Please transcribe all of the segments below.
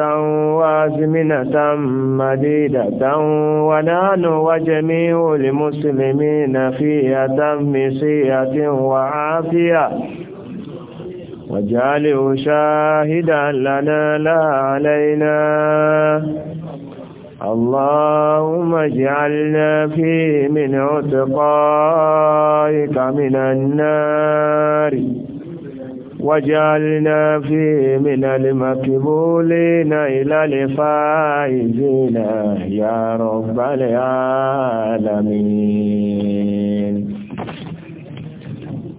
وازمنة مديدة ونان وجميع المسلمين في أتم سيئة وعافية وجعله شاهدا لنا لا علينا اللهم اجعلنا فيه من عتقائك من النار وجعلنا في من المكبولين إلى الفائزين يا رب العالمين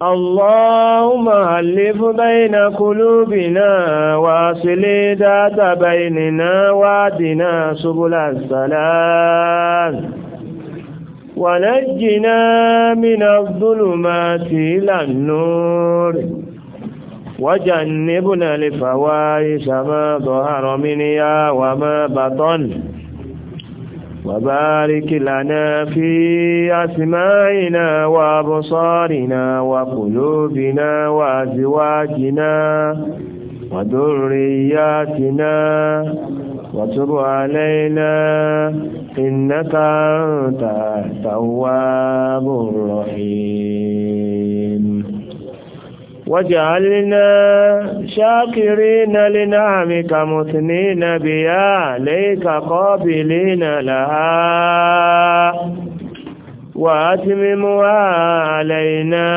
اللهم ألف بين قلوبنا واصل ذات بيننا وادنا سبل السلام ونجنا من الظلمات إلى النور وجنبنا الفواحش ما ظهر منها وما بطن وبارك لنا في أسماعنا وأبصارنا وقلوبنا وأزواجنا وذرياتنا وتب علينا إنك أنت التواب الرحيم وجعلنا شاكرين لنعمك مثنين بيا عليك قابلين لها وأتممها علينا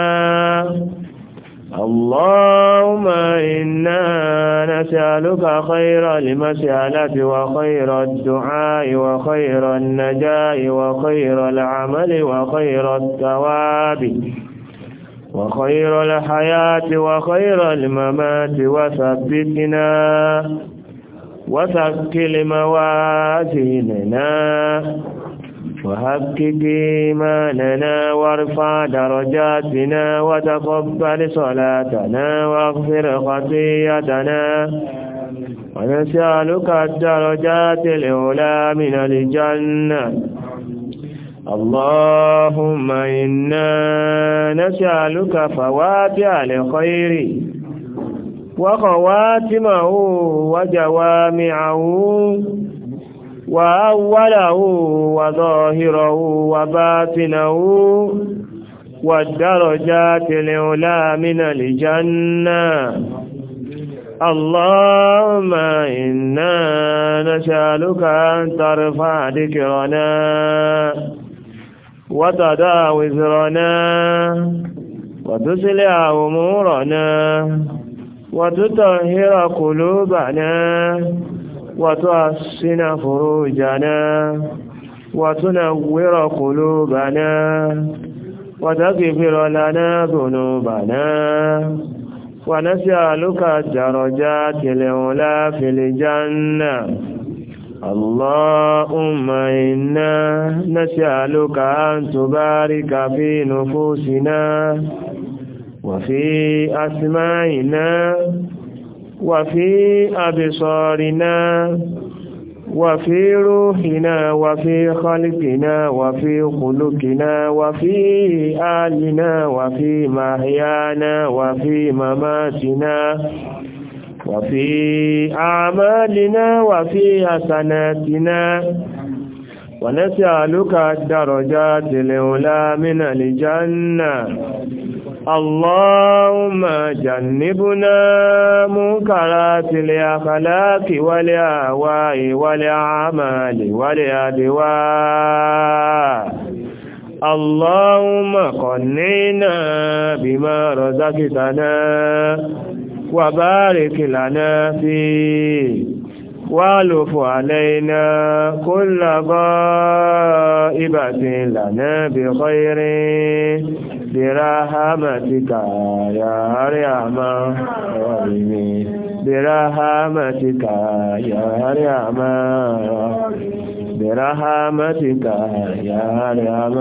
اللهم إنا نسألك خير المسألة وخير الدعاء وخير النجاة وخير العمل وخير الثواب وخير الحياة وخير الممات وثبتنا وثقل موازيننا وهكك إيماننا وارفع درجاتنا وتقبل صلاتنا واغفر خطيئتنا ونسألك الدرجات الأولى من الجنة اللهم إنا نسألك على خير وخواتمه وجوامعه وأوله وظاهره وباطنه والدرجات العلى من الجنة اللهم إنا نسألك أن ترفع ذكرنا وتدع وزرنا وتسلع أمورنا وتطهر قلوبنا وتحسن فروجنا وتنور قلوبنا وتغفر لنا ذنوبنا ونسألك الدرجات الأولى في الجنة اللهم إنا نسألك أن تبارك في نفوسنا وفي أسمائنا وفي أبصارنا وفي روحنا وفي خلقنا وفي خلقنا وفي آلنا وفي محيانا وفي مماتنا وفي أعمالنا وفي حسناتنا ونسألك الدرجات الأولى من الجنة اللهم جنبنا منكرات الأخلاق ولأهواء والأعمال والأدواء اللهم قنعنا بما رزقتنا وبارك لنا فيه والف علينا كل غائبة لنا بخير برحمتك يا أرحم الراحمين برحمتك يا أرحم برحمتك يا أرحم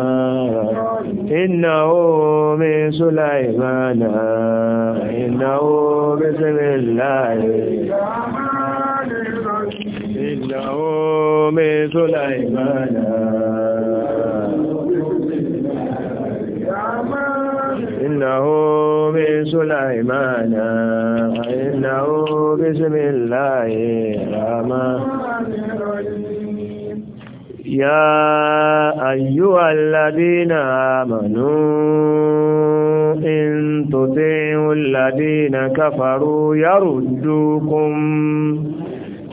إنه من سليمان إنه بسم الله عنده من سليمان إنه من سليمان إنه بسم الله الرحمن يا أيها الذين آمنوا إن تطيعوا الذين كفروا يردوكم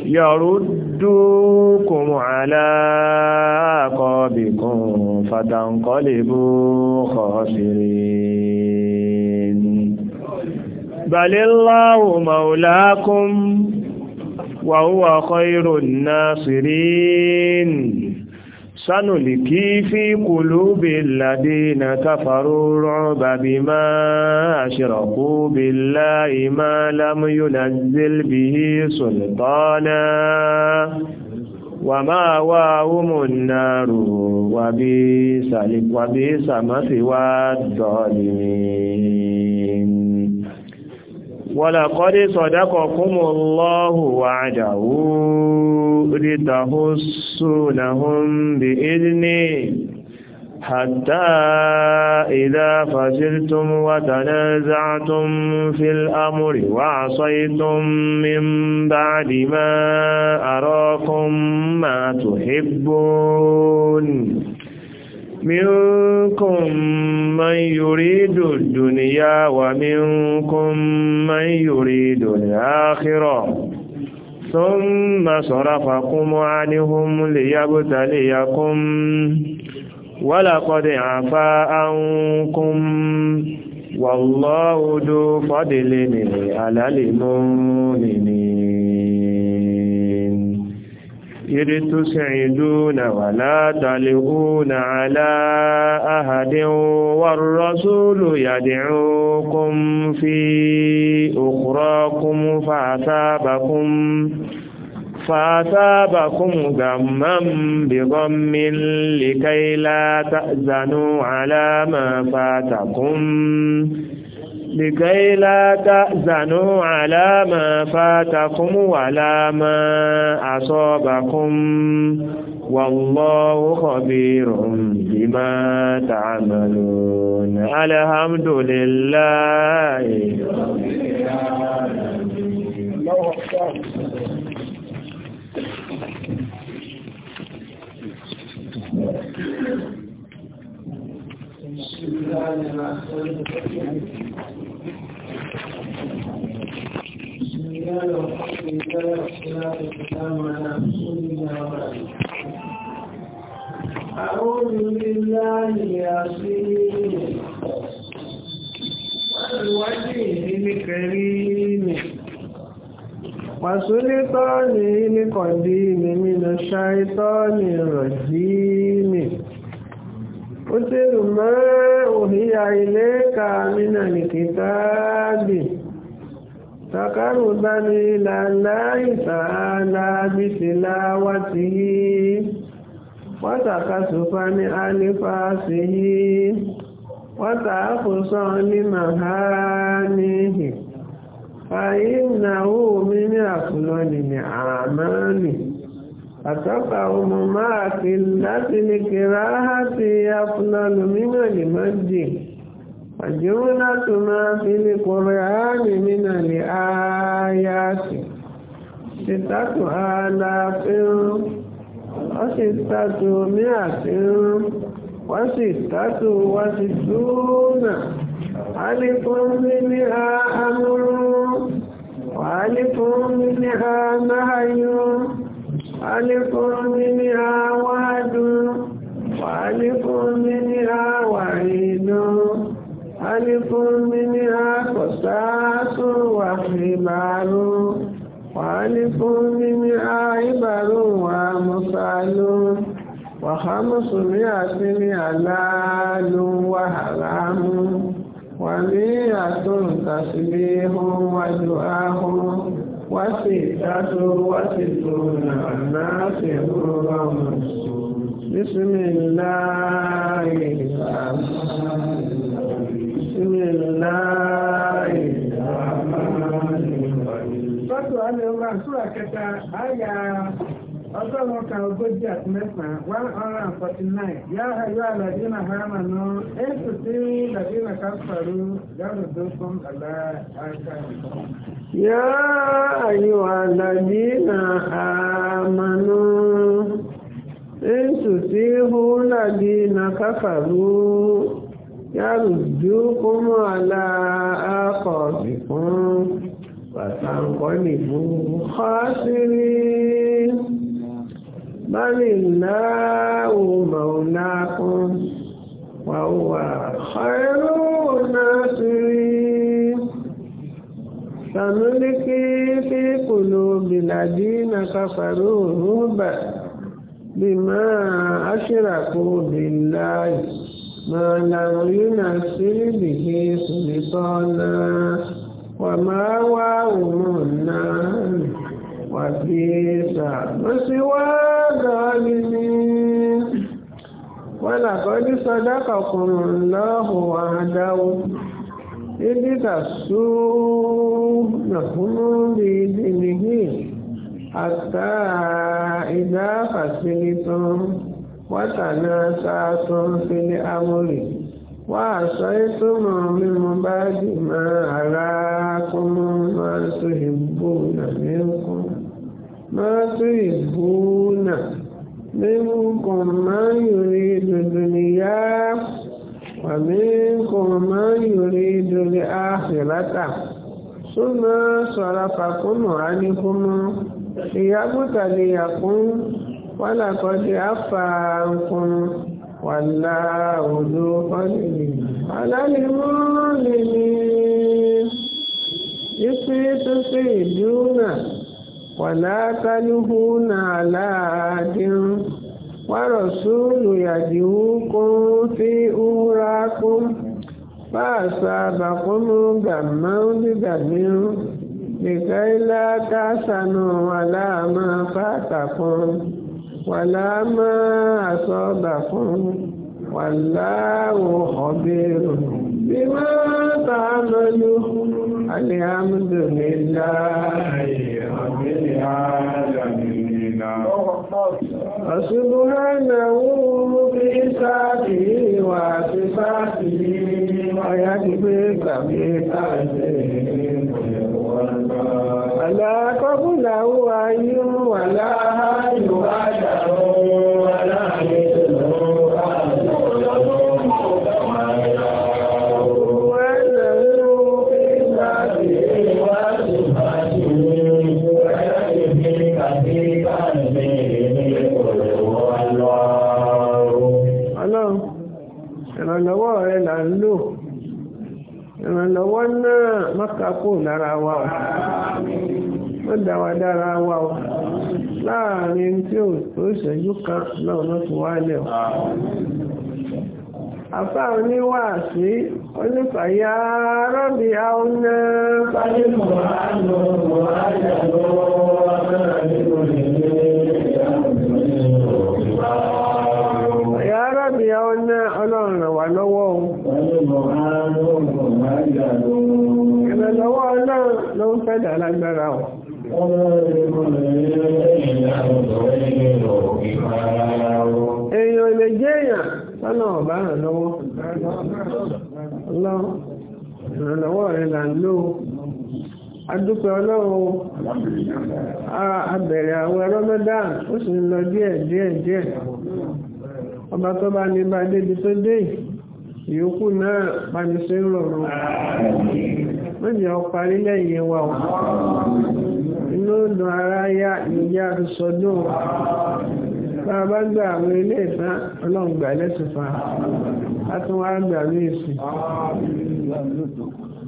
يرد ردوكم على عقابكم فتنقلبوا خاسرين بل الله مولاكم وهو خير الناصرين سنلكي في قلوب الذين كفروا الرعب بما أشركوا بالله ما لم ينزل به سلطانا وما واهم النار وبئس وبئس مثوى الظالمين ولقد صدقكم الله وعده لتحسونهم بإذنه حتى إذا فشلتم وتنازعتم في الأمر وعصيتم من بعد ما أراكم ما تحبون منكم من يريد الدنيا ومنكم من يريد الآخرة ثم صرفكم عنهم ليبتليكم ولقد عفا عنكم والله ذو فضل على المؤمنين إذ تسعدون ولا تلقون على أهد والرسول يدعوكم في أخراكم فأثابكم فأثابكم غما بغم لكي لا تأذنوا على ما فاتكم لكي لا تأذنوا على ما فاتكم ولا ما أصابكم والله خبير بما تعملون الحمد لله Thank you. رجال وحق رجال واختلاف الكتاب على رسول الله وبعد أعوذ بالله العظيم والوجه الكريم وسلطان القديم من الشيطان الرجيم أتر ما أوحي إليك من الكتاب تقربني إلى الله تعالى بتلاوته وتكسفا عن فاسه وتعفصا لمهانه فإنه من أفضل الأعمال أتقوم مع قلة الكراهة أفضل من المجد wadịwuna tuafịlịkụrụ a anịịnalị ahrịa tị ttat anapịụ tịtatuapịụ attatattuna aịpọ iri ahanụrụ gbaịpọ miri anahaụ aịpọ miri awahadu gaịpụ mmiri awarenụ malikun minha qasasur wa himarun malikun minha ibarun wa musalun wa khamsu mi'atin halalun wa haramun wa mi'atun tasbihun wa du'ahun وستة وستون الناس بسم الله الرحمن الرحيم بسم الله anyị الرحيم سورة آل عمران سورة كتا آية ọgọ́rùn-ún kan ogójì àti mẹ́fà one hundred and forty-nine yá ayọ́ àlàyé náà hàmà nù èsì tí làdí náà ká pẹ̀lú gbọ́dọ̀ tó fún àlá àṣà yá ayọ́ àlàyé náà hàmà nù yàrùdúkún àlà àkọ̀ọ̀bì fún pàtàkọ́nì fún kọ́sírí báyìí láwù màúnákún wàhùwà ọ̀rẹ́rù náà sírí sanúlíkí fi kùlù bìlàdí na kàfàrú rúbà bímá aṣíràkú ما لم ينزل به سلطانا وما واهم النار وبئس مثوى الظالمين ولقد صدقكم الله وعده إذ تسونهم بإذنه حتى إذا فسلتم wọ́tàná sáàtún fi ní amúrì wá àṣọ ìtumọ̀ mímú bá dì máa ara kúmú máa tó ìbú nà mímú máa tó ìbú nà mímú kan máa yòrí dúdú níyà wàmí kan máa yòrí dúdú àhìlátà súnmọ́ sọ̀rọ̀ fàkúnmọ̀ ánìkúmọ́ ìyá bùtàlẹ̀ yàkún wọ́lá kọ́ di afá nkún wàlá òdò ọ̀nìyàn alálìmọ́ lèmi yíṣẹ́ tó ṣe ìlú náà wàlá tálíhù náà láàdín wárọ̀ sóòlù yàdìwú kún sí úra kún fáàsà àbàkúnmú gàmá dídàmírù nìkan ilá kásánù aláàmọ́ fàtàkùn wàlámà àsọ̀bà fún wàláwò ọ̀bẹ̀rù bí wọ́n bá lọ́lú alihamudulila ọ̀ṣubuhánahu bí sáàtì wà sí sáàtì ọ̀yá ti gbé tàbí tàbí. ألا قبله أي ولا هاي sákò lára wa ọ̀ wọ́n dá wa dára wa ọ̀ láàrin tí ó ṣẹ́jú kan náà lọ́ fi wá lẹ̀ ọ̀ àfá oníwà sí onífàyà rọ́bì àwọn náà. Fáyé mọ̀ á lọ mọ̀ á yà lọ́wọ́. fẹ́dà lágbára ọ̀. èèyàn lè jẹ́ èèyàn sọ́nà ọ̀bá ràn lọ́wọ́ ìrànlọ́wọ́ rẹ̀ là ń lò adúpẹ́ ọlọ́run abẹ̀rẹ̀ àwọn ẹ̀rọ ó sì ń lọ díẹ̀ díẹ̀ díẹ̀ ọba tó bá ní mẹ́jọ parí lẹ́yìn wa ò inú òdùn ara yá ìyá àrùsọdún bá bá gbà àwọn ilé ìtàn ọlọ́ngbà lẹ́sùfà látúnwá gbà ní èsì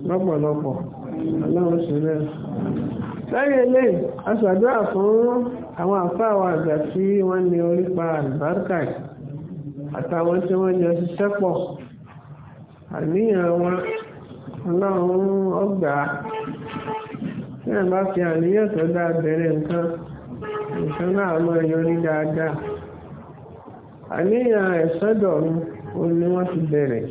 lọ́pọ̀lọpọ̀ ọlọ́run sí rẹ̀ lẹ́yìn ilé aṣàdúrà fún àwọn àfáàwà àgbà tí wọ́n ní orípa àlùbáríkà àtàwọn tí wọ́n jọ ṣiṣẹ́ pọ̀ àníyàn wọn ọlọ́run ọgbà tí ẹ̀ bá fi àníyàn tó dáa nǹkan nǹkan náà máa yọrí dáadáa àníyàn ẹ̀sọ́dọ̀ òun ni wọ́n ti bẹ̀rẹ̀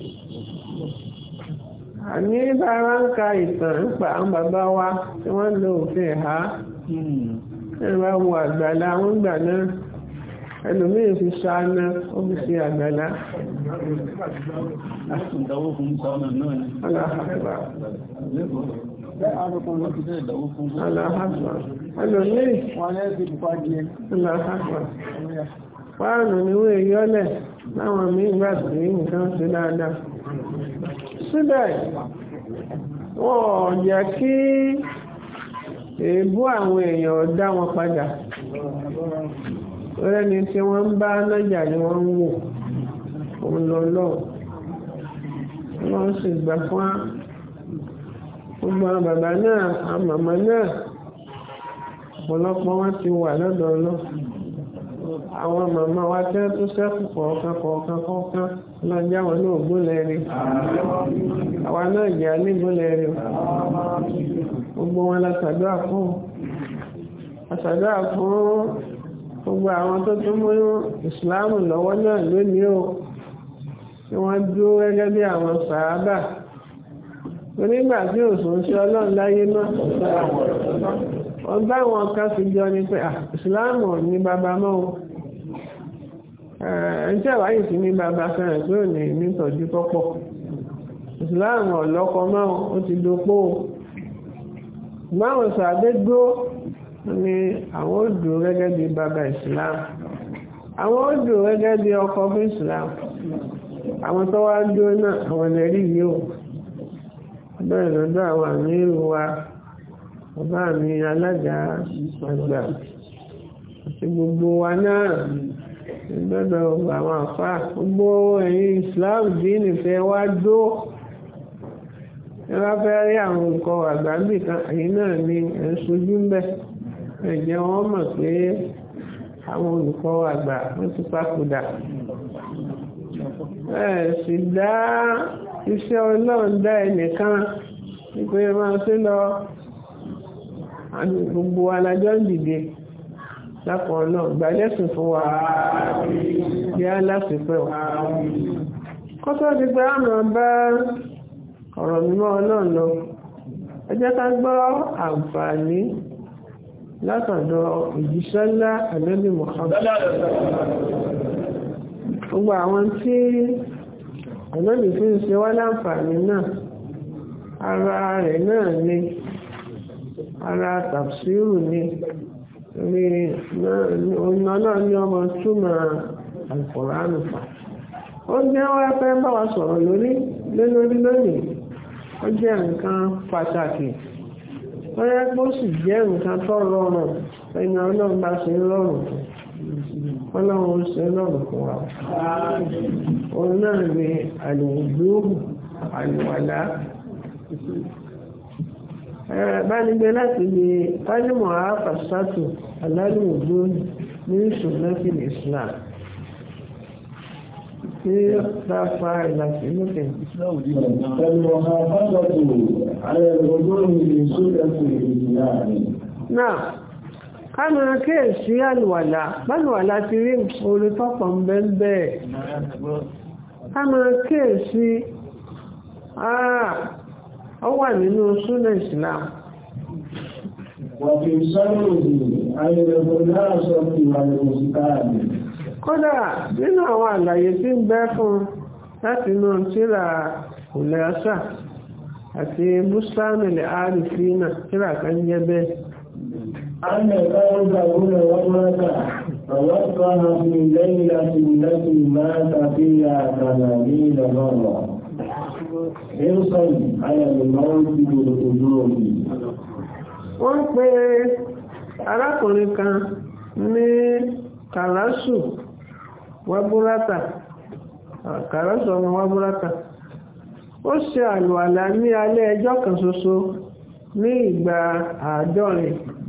àní bára ń ka ìtàn àwọn bàbá wa tí wọ́n lo òfin ẹ̀há bá wo àgbàlá àwọn ìgbà náà fi ó fi ṣe àgbàlá. Àtúndàwó fún sọ́nà náà ni. Aláhàbà. Aláhàbà. Ẹlòmíì. Wọ́n lẹ́ fi bùkọ́ di Aláhàbà. Páànù ni wọ́n yọ́lẹ̀ láwọn míì gbà sí nǹkan ṣe dáadáa. Síbẹ̀, wọ́n jẹ́ kí èébú àwọn èèyàn dá wọn padà. Rẹ́ni tí wọ́n ń bá lọ́jà ni wọ́n ń wò òun lọ lọ́ọ̀ wọ́n sì gbà fún wa gbogbo àwọn bàbá náà àwọn màmá náà ọ̀pọ̀lọpọ̀ wọn ti wà lọ́dọ̀ ọlọ́ọ̀ àwọn màmá wa tẹ́ tó sẹ́kù kọ̀ọ̀kan kọ̀ọ̀kan kọ̀ọ̀kan lọ́jọ́ àwọn náà gbólẹ́rin àwa náà jẹ́ alégbólẹ́rin gbogbo wọn la ṣàdúrà fún àṣàdúrà gbogbo àwọn tó tún mú ìsìláàmù lọ́wọ́ náà lónìí o tí wọ́n dúró gẹ́gẹ́ bí àwọn sàábà onígbà tí òsùn ṣe ọlọ́run láyé náà wọ́n bá wọn kan fi jọ ni pé ìsìláàmù ní bàbá mọ́ o ẹ̀ńtẹ́ wáyé sí ní bàbá fẹ́ràn pé ò ní nítọ́jú pọ́pọ̀ ìsìláàmù ọ̀lọ́kọ mọ́ o ó ti dopó o báwọn sàábé dúró ni àwọn ó dúró gẹ́gẹ́ bí bàbá ìsìláàmù àwọn ó dúró gẹ́gẹ́ bí ọkọ fún ìsìláàmù àwọn tó wá ń dúró náà àwọn ẹ̀rí yìí ó bẹ́ẹ̀ lọ́dọ̀ àwọn àmì ìrù wa ọba mi alága àgbà àti gbogbo wa náà lọ́dọ̀ àwọn àfá gbogbo ẹ̀yin Islam dín nìfẹ́ wá dó ẹ bá fẹ́ rí àwọn nǹkan àgbàgbì kan èyí náà ni ẹ̀ ń sojú ń bẹ̀ ẹ̀jẹ̀ wọn mọ̀ pé àwọn olùkọ́ àgbà wọ́n ti papòdà ẹ sì dá iṣẹ́ ọlọ́run dá ẹnìkan pé máa ṣe lọ gbogbo alájọ́ ń dìde lápọ̀ náà gbàjẹ́sìn fún wa yá lásìpẹ́ wa kó tó di pé àmọ́ bá ọ̀rọ̀ mímọ́ ọlọ́run lọ ẹ jẹ́ ká gbọ́ àǹfààní látọ̀dọ̀ òjíṣẹ́ ńlá àlẹ́bí Muhammad gbogbo àwọn tí ànábì fi ń ṣe wá láǹfààní náà ara rẹ̀ náà ni ara tàbsírù ni ní ọ̀nà náà ní ọmọ túmọ̀ àlùkòránù fà ó jẹ́ wá fẹ́ bá wa sọ̀rọ̀ lórí lórí lónìí ó jẹ́ nǹkan pàtàkì ó yẹ kó sì jẹ́ nǹkan tó rọrùn ẹni ọlọ́run bá ṣe rọrùn tó ọlọ́run ó ṣe lọ́rùn fún wa òun náà ni àlùwòdúró àlùwàlá bánigbé láti lè pálímọ̀ àáfàṣátò aláàlùwòdúró ní ìṣúná sí Islam tí bá fa ìlàsí lókè. Ẹ̀lọ́ àáfàṣátò ayẹyẹ ọjọ́ ìrìn sókè sí ìrìn náà. ká máa kíyèsí àlùwàlà bálùwàlà ti rí olùtọ́pọ̀ ń bẹ́ẹ̀ bẹ́ẹ̀ ká máa kíyèsí ah, ó wà nínú súnà Islam. Kódà nínú àwọn àlàyé tí ń bẹ fún láti inú tíra Òlẹ́sà àti Bùsánìlẹ̀ Àrífínà tíra kan jẹ́ bẹ́ẹ̀. أن قلبه ومت فوقها في ليلة التي مات فيها ثمانين مرة حرصا على الموت بالقدوم wọ́n pe arákùnrin kan ní kàlásù wábúrátà kàlásù ọmọ wábúrátà ó ṣe àlùwàlá ní alẹ́ ẹjọ́ kan ṣoṣo ní ìgbà àádọ́rin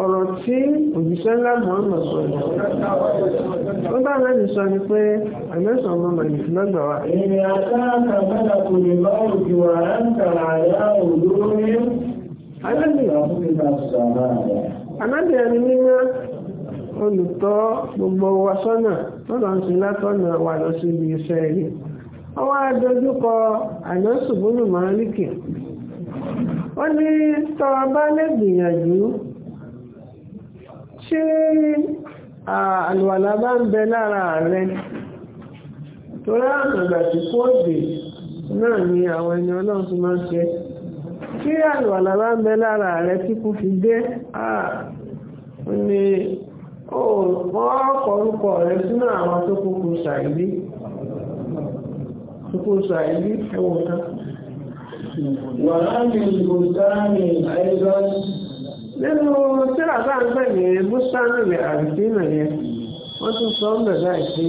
ọ̀rọ̀ tí òjíṣẹ́ ńlá mọ̀ọ́mọ̀ sọ ni ó bá mẹ́rin sọ ni pé àmẹ́sàn ọmọ màlìkì lọ́gbà wa. èmi àtàkà mẹ́ta kò lè bá òjò wà ń ẹni olùtọ́ gbogbo wa sọ́nà ń sin látọ̀nà wà lọ iṣẹ́ ọwọ́ adójúkọ wọ́n ní tọ́ lè gbìyànjú ṣé àlùwàlá bá ń bẹ lára rẹ torí àgbàgbà tí kò dé náà ni àwọn ẹni ọlọ́run ti máa ń ṣe tí àlùwàlá bá ń bẹ lára rẹ tí kò fi dé ni wọ́n kọrúkọ rẹ sínú àwọn tó kókó ṣàìlí kókó ṣàìlí ẹwọ̀n kan. wàhálà ìgbòsáàmì àìsàn nínú tíra bá ń gbẹ̀yẹ mùsàlù rẹ̀ àrùfínà yẹn wọ́n tún sọ ń bẹ̀rẹ̀ àìsí.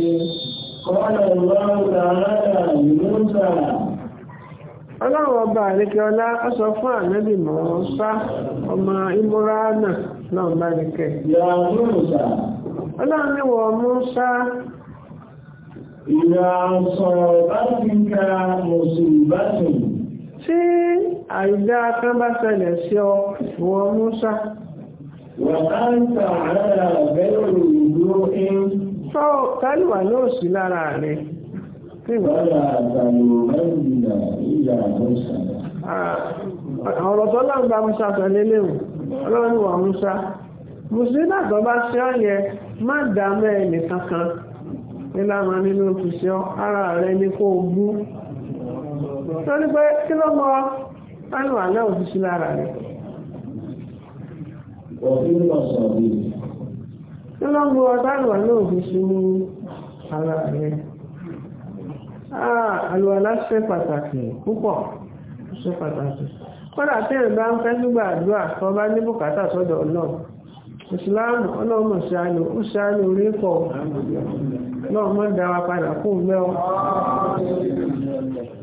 ọlọ́run ọba àríkẹ́ọlá ó sọ fún ànábì mọ́ sá ọmọ ìmúránà náà bá rí kẹ́. ọlọ́run ní wọ́n mú sá. ìyá sọ̀rọ̀ bá ti ka mùsùlùmí bá àìdá kan bá ṣẹlẹ̀ sí ọ ìwọ Musa. Fọ́ kálùwà náà sí lára rẹ̀. Ah, ọ̀rọ̀ tó láǹgbà Musa kan léléwò, ọlọ́run wà Musa. Mùsùlùmí àgbà bá ṣe ọ́ yẹ, má dá mẹ́rin nìkan kan. Níláàmà nínú òfìsẹ́ ara rẹ̀ ní kó bú. Lọ́ní pé kí ló mọ́ àlùwàlá ala sí lára rẹ̀. òfin lọ sọ̀rọ̀ bí. kí ló ń bu ọ̀tá àlùwàlá ò fi sí ní ara rẹ̀. Ah, àlùwàlá ṣe pàtàkì púpọ̀ ṣe pàtàkì kódà tí ẹ̀ bá ń fẹ́ nígbà àdúrà tó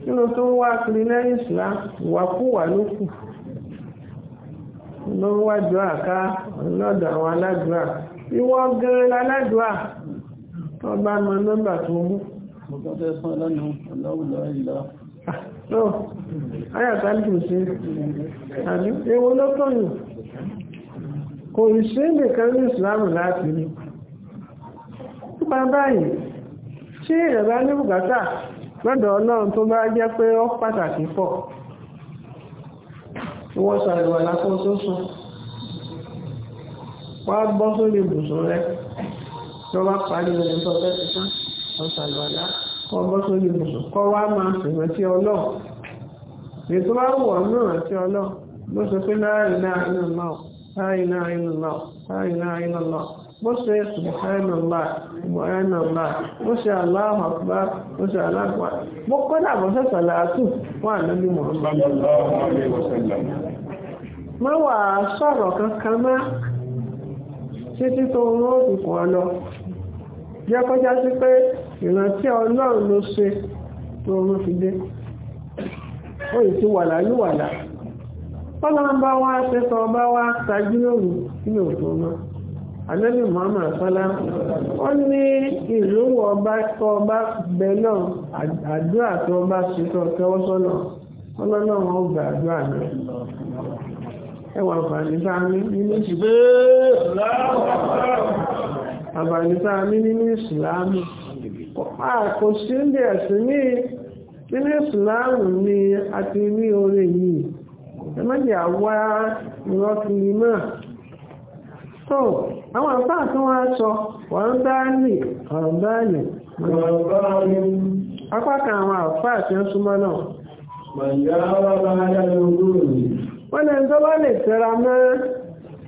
nínú tó ń wá kiri lẹ́yìn ìṣúná ìwàkúwà ló kù ló ń wájú àká lọ́dọ̀ àwọn aládùúrà ìwọ gan-an aládùúrà ọba mọ nọ́mbà tó mú. mo tọ́ fẹ́ fún ọlọ́nu ọlọ́wùlọ́ ìlọ. tó ayàtà dùn sí àbí ewo ló kọ̀yìn kò sí nìkan ní ìsìlámù láti rí. nípa báyìí ṣé ìrẹ̀bá ní bùkátà lọ́dọ̀ ọlọ́run tó bá jẹ́ pé ó pàtàkì pọ̀ wọ́n sọ ìwà lápọ̀ tó sùn wá bọ́ sórí ibùsùn rẹ tó bá parí rẹ̀ tó fẹ́ ti tán wọ́n sọ ìwà lá kọ́ bọ́ sórí ibùsùn kọ́ wá máa sèwọ́n tí ọlọ́run ètò bá wù ọ́ náà tí ọlọ́run ló sọ pé láàrin náà inú náà láàrin náà inú náà láàrin náà inú náà. wọ́n ṣe subhanallah subhanallah wọ́n ṣe Allahu akbar wọ́n ṣe aláàpá ahụ làásù wà lórí Muhammad. má wà sọ̀rọ̀ kankan má títí tó ń rán òkùnkùn jẹ́ kọjá sí pé ìrántí ọlọ́run ló ṣe tó fi dé ó ti ànábì muhammad sọlá ó ní ìlúwọ̀ ọba tó ọba bẹ náà àdúrà tó ọba ṣe tó tẹ́wọ́ sọ́nà ọlọ́nà wọn ó gbà àdúrà náà ẹwà àǹfààní tá a ní nínú ìsìláàmù àǹfààní tá a ní nínú ìsìláàmù kò sí ń ẹ̀sìn ní nínú ìsìláàmù ni a ti rí oore yìí ẹ má jẹ́ àwa ìrọ́kìnrin náà. so àwọn àfáà tí wọ́n sọ wọ́n bá nì ọ̀rọ̀ bá àwọn àfáà tí wọ́n súnmọ́ náà wọ́n lè tó bá lè tẹ́ra mọ́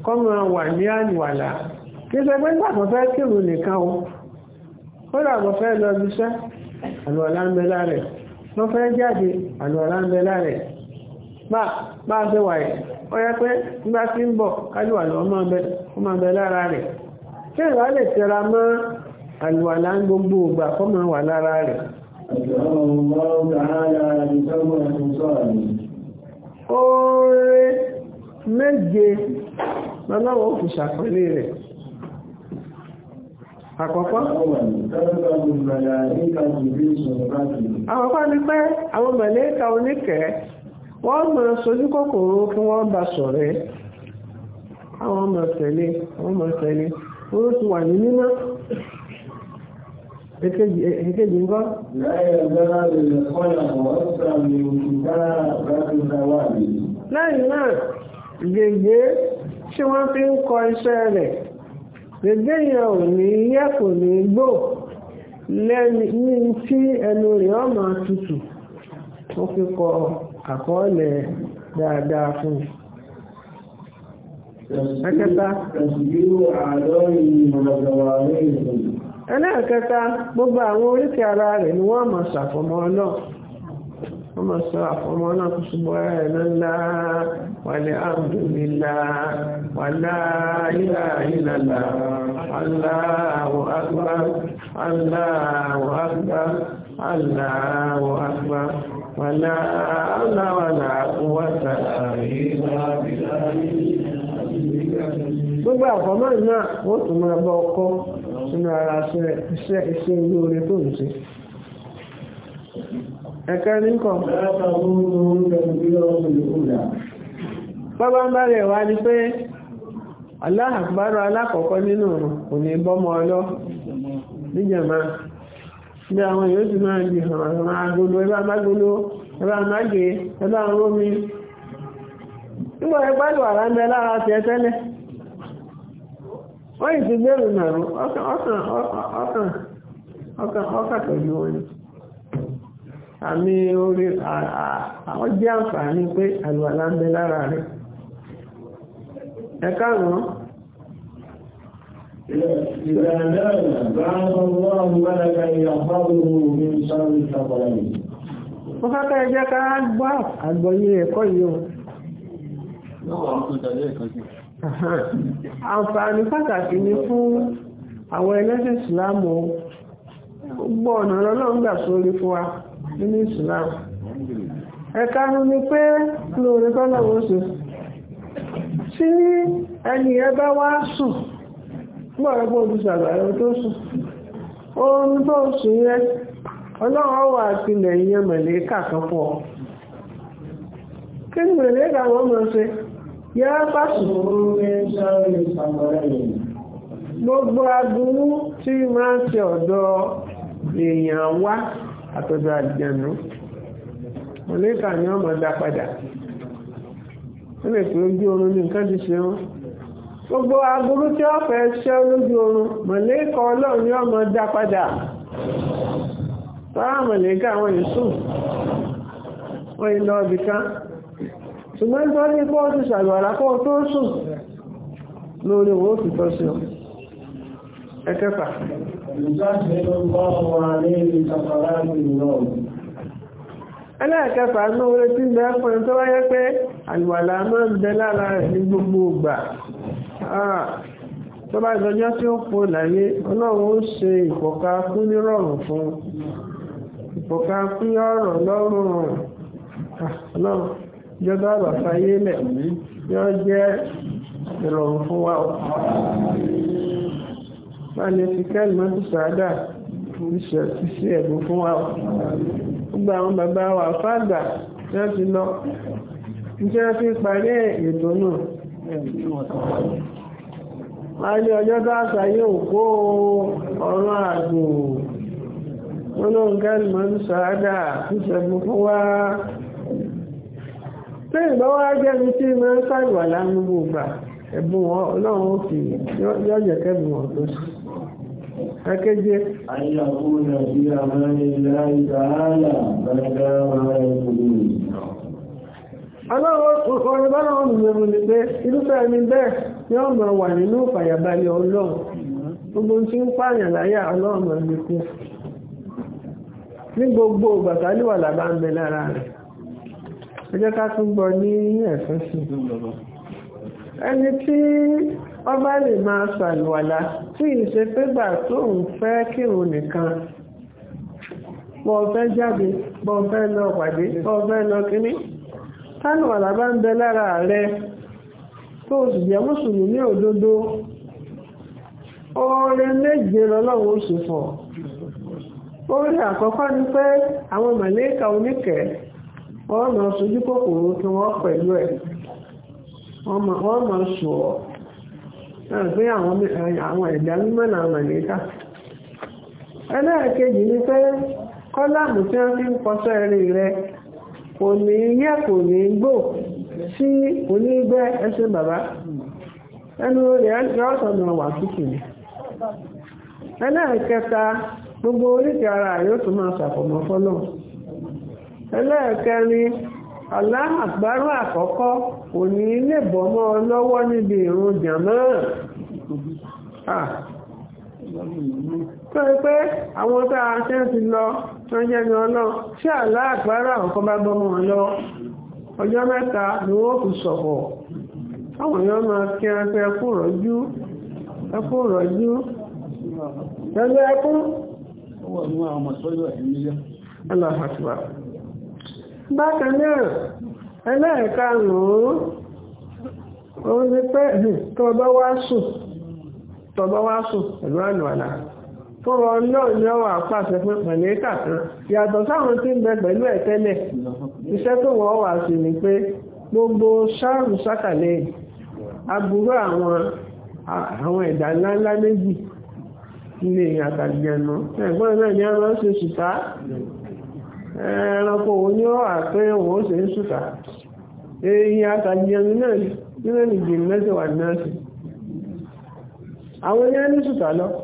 kọ́mọ wà ní àníwàlá kí ṣe pé nígbà kírun nìkan o ó rà lọ bí àlùwàlá ń bẹ lára rẹ̀ jáde àlùwàlá ń bẹ lára bá ṣe wà ẹ̀ ó yẹ pé nígbà tí ń bọ̀ kájúwà lọ ọmọ ọbẹ̀ lára rẹ̀ ṣé ìwà lè tẹra mọ́ àlùwàlá ń gbogbo ògbà kọ́ máa wà lára rẹ̀ oore méje lọ́lọ́wọ́ òkú ṣàpẹ́lé rẹ̀ àkọ́kọ́ ni pé àwọn mẹ̀lẹ́ta oníkẹ̀ẹ́ wọ́n máa sojú kòkòrò kí wọ́n bá ṣọ̀rẹ́ àwọn ọmọ tẹ̀lé àwọn ọmọ tẹ̀lé wọ́n ti wà ní mímọ́ èkejì ńkọ́. lẹ́yìn náà gègé tí wọ́n fi ń kọ iṣẹ́ rẹ̀ gègé yẹn ò ní yẹ kò ní gbò tí ẹnu rẹ̀ ọmọ tutù ó fi ọ. àkọọ́lẹ̀ dáadáa fún un. Ẹ̀kẹta. Ẹlẹ́ẹ̀kẹta gbogbo àwọn oríkì ara rẹ̀ ni wọ́n mọ̀ ṣàfọmọ́ náà. Wọ́n mọ̀ sọ àfọmọ́ náà kò ṣùgbọ́ ẹ̀ lọ́lá wàlẹ̀ àbúrúlá wàlá ilá ìlàlá Allahu akbar Allahu akbar Allahu akbar. ولا حول ولا قوة إلا بالله gbogbo àfọ̀mọ́ náà wọ́n tún máa bọ́ ọkọ́ sínú ara iṣẹ́ iṣẹ́ tó ń ṣe ẹ̀kẹ́ bá rẹ̀ wá ní pé alákọ̀ọ́kọ́ nínú òní bọ́mọ ọlọ́ ní àwọn èèyàn ti máa di ọ̀rọ̀ agolo ẹbá mágolo ẹbá mágé ẹbá rómi nígbà ẹgbá lò àrá ń bẹ lára ti ẹ wọ́n yìí ti gbèrò nàró ọkàn pẹ̀lú wọn àmì orí àwọn jẹ́ àǹfààní pé àlùwàlá lára rẹ̀ ẹ̀ka إذا نام بعث الله ملكا يحفظه من شر الشيطانين ó fẹ́ kẹ́ jẹ́ ká àǹfààní pàtàkì ni fún àwọn ẹlẹ́sìn ìsìláàmù gbogbo ọ̀nà lọ́lọ́run gbà sórí fún wa nínú ìsìláàmù ẹ̀ka ni pé tí ẹni ẹ bá wá sùn mọ́ ẹgbẹ́ olùsọ àgbàyọ tó sùn oorun tó ya yẹn ọlọ́run wà tilẹ̀ yẹn mẹ̀lẹ́kà kan fún ọ kí ni mẹ̀lẹ́kà wọn ya ṣe gbogbo aburú tí máa ń ṣe ọ̀dọ̀ èèyàn wá àtọ̀dọ̀ àjẹ̀nú mọ̀lẹ́kà ni wọ́n máa dá padà ó lè gbogbo aburú tí wọ́n fẹ́ ṣẹ́ lójú oorun mọ̀lẹ́kọ̀ ọlọ́run ni wọ́n mọ̀ dá padà sáà mọ̀lẹ́kọ̀ àwọn yìí wọ́n yìí lọ ibì kan ṣùgbọ́n tó ní kó ti ṣàgbàrá kó tó sùn lórí owó ti tọ́ sí ọ ẹ̀kẹfà ẹlẹ́ẹ̀kẹfà ní orí tí ń bẹ́ fún ẹni tó wáyé pé àlùwàlà máa ń bẹ lára ní gbogbo ìgbà Ah, tó bá ìdọjọ́ tí ó po láyé ọlọ́run ó ṣe ìpọ̀ka kú nírọ̀rùn fún ìpọ̀ka kú ọ̀rọ̀ lọ́rùn ah, ọlọ́run ìjọba àbàfà yélẹ̀ yóò jẹ́ ìrọ̀rùn fún wa o. Má lè fi kẹ́lì mọ́tò sàádà ìṣẹ̀ ti ṣe ẹ̀bùn fún wa o. Gbogbo àwọn bàbá wa fàgbà tí wọ́n ti lọ. Ǹjẹ́ wọ́n fi parí ètò náà? ayé ọjọ́ dáàtà yóò kó ọ̀rọ̀ àgbò olóǹkà ìmọ̀ ń sàádà ìṣẹ̀gbùn fún wá tí ìbáwá jẹ́ni tí mọ́ ń sàgbà lágbogbo ìgbà ẹ̀bùn wọn ọlọ́run ó fi yọ́jẹ̀ kẹ́bùn wọn tó sí akéje. ayé àwọn ọmọ nàìjíríà máa ń lè láì sàálà bàbá wa ẹ̀kọ́ aláwọ̀ ọ̀rọ̀ báwọn mìíràn ní pé irúfẹ́ ẹni bẹ́ẹ̀ ni ó máa wà nínú ìfàyàbalẹ̀ ọlọ́run gbogbo tí ń pààyàn láyà ọlọ́run kú ní gbogbo gbàtàlíwà làbá ń bẹ lára rẹ̀ ká tún gbọ́ ní ẹ̀fẹ́ sí ẹni tí ọba lè máa tí ìṣe tó ń fẹ́ tálùwàlà bá ń bẹ lára rẹ tó o sì jẹ́ mùsùlùmí òdodo oore méje lọ́lọ́run ó sì fọ̀ oore ni pé àwọn màlẹ́kà oníkẹ́ ọ̀nà sojú kòkòrò kí wọ́n pẹ̀lú ẹ̀ wọ́n mọ̀ sùn ọ́ pé àwọn ẹ̀dá mímọ́ náà màlẹ́kà ẹlẹ́ẹ̀kejì ni pé kọ́láàmù tí wọ́n fi ń kọsẹ́ rí rẹ kò ní yẹ kò ní gbò sí onígbẹ ẹsẹ bàbá ẹnu rẹ̀ wà tútù ní ẹlẹ́ẹ̀kẹta gbogbo oríkẹ ara yóò tún máa ṣàfọ̀mọ́ fọ́lọ́ ẹlẹ́ẹ̀kẹrin aláàgbárò àkọ́kọ́ kò ní lè bọ́ mọ́ ọ lọ́wọ́ níbi jàmọ́ tó yẹ pé àwọn tá a ṣe lọ tó jẹ́ ní ọlọ́run tí àlá ọ̀kọ́ bá gbọ́mọ lọ ọjọ́ mẹ́ta ni wọ́n kù sọ̀kọ̀ kí a pé ẹkú rọ̀jú ẹkú rọ̀jú ẹgbẹ́ ẹkú. aláhàtúwà bákan náà ẹlẹ́ẹ̀karùn-ún òun ni pé hmm, tọ́bọ́ wá sùn tọ́bọ́ wá sùn pẹ̀lú àlùwàlà. tọrọ ọlọ́run ni wọ́n àpàṣẹ fún pẹ̀lẹ́kà kan yàtọ̀ sáwọn tí ń bẹ pẹ̀lú ẹ̀ tẹ́lẹ̀ iṣẹ́ tó wọ́n wà sí ni pé gbogbo sáàrù sákàlẹ̀ aburú àwọn àwọn ẹ̀dá ńláńlá méjì ilé àtàgbẹ̀nà ẹ̀gbọ́n náà ni wọ́n ṣe ṣùtá ẹranko òun ni wọ́n wà pé òun ṣe ń ṣùtá èèyàn àtàgbẹ̀nà náà nílẹ̀ nìgbìn mẹ́sẹ̀ wà náà sí àwọn ẹni ṣùtá lọ́wọ́.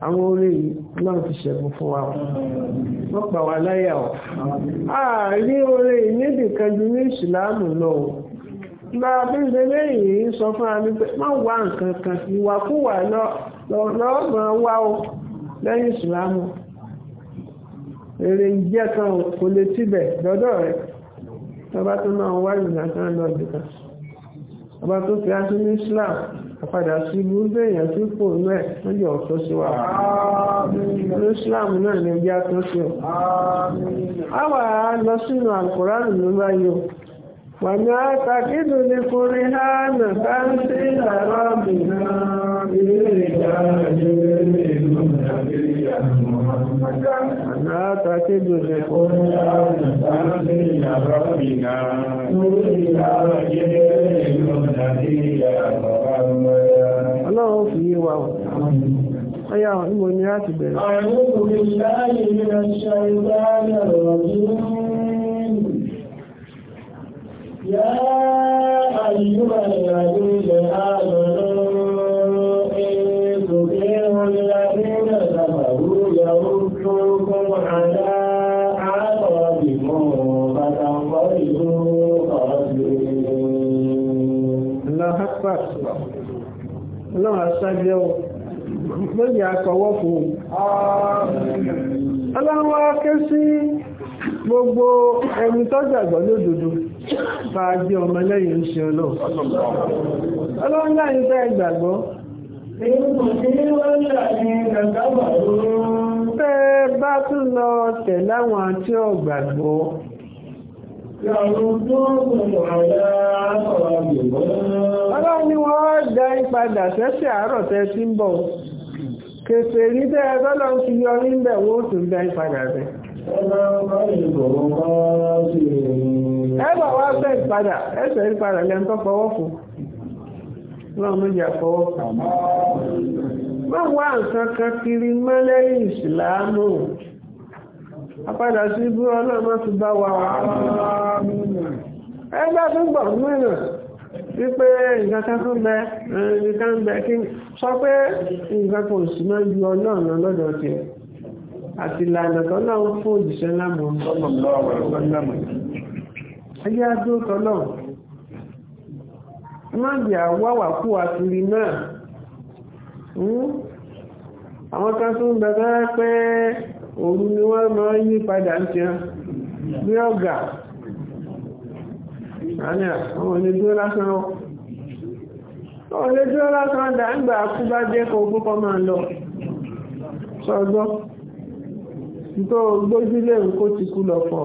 àwọn orí náà ti ṣẹ̀gùn fún wa wọ́n pa wá láyà ọ̀ ààrí orí níbi kan ju ní ìsìláàmù lọ o bá a fi ṣe lẹ́yìn sọ fún wa pé má wá nǹkan kan ìwàkúwà lọ́ọ̀mọ̀ wá o lẹ́yìn ìsìláàmù èrè ìjẹ́ kan kò lè tibẹ̀ lọ́dọ̀ rẹ̀ tọ́ba tó náà wá ìrìnàjò lọ́dọ̀ kan tọ́ba tó fi aṣọ ní ìsìláàmù. àpadà sí ibú bẹ́ẹ̀yàn tí kò rú ẹ̀ lọ́jọ́ ọ̀tọ́ sí wa ní náà ní ẹgbẹ́ sí ọ. àwa lọ sínú alukóránù ló bá yọ àtàkìdùn ní kùnrin náà. لا تعتد بكم يا ربنا الله في واو أيها المؤمنات أعوذ بالله من الشيطان الرجيم يا أيها الذين آمنوا ọlọ́run aṣáájẹ́ o lóye akọwọ́ fún ọlọ́run ké sí gbogbo ẹni tọ́jàgbọ́ lódodo bá a jẹ́ ọmọ lẹ́yìn oṣù ọlọ́run ọlọ́run láyé fẹ́ gbàgbọ́ bẹ́ẹ̀ bá tún lọ tẹ̀ tí Ọlọ́run ni wọ́n dá ìpadà sẹ́sẹ̀ àárọ̀ tẹ́ sí ń bọ̀. Kèsè rí tẹ́ ẹgbọ́lọ́ ti yọ níbẹ̀ wó tó dá ìpadà rẹ̀. Ẹgbà wá fẹ́ ìpadà, ẹsẹ̀ ìpadà wá nǹkan kan kiri mọ́ lẹ́yìn àpadà sí ibú ọlọ́mọ ti bá wa ẹgbẹ́ tó gbọ̀ mìíràn wípé nǹkan kan tó bẹ nǹkan ń bẹ kí sọ pé nǹkan kan ò sí máa ju ọlọ́run lọ́dọ̀ tiẹ̀ àti ìlànà tó náà ń fún òjìṣẹ́ lámọ̀ ẹjẹ́ adó tọ́lọ̀ má bì àwáwà kú àtúrí náà hmm? àwọn kan tó ń bẹ bẹ́ẹ̀ pé òun ni wọ́n máa yí padà ń tiẹ́ ní ọ̀gà àní àwọn onídúró lásán ọ́ onídúró lásán dà ń gbà kú bá jẹ́ kó lọ sọ́gbọ́ tó gbójúlé ti kú lọ pọ̀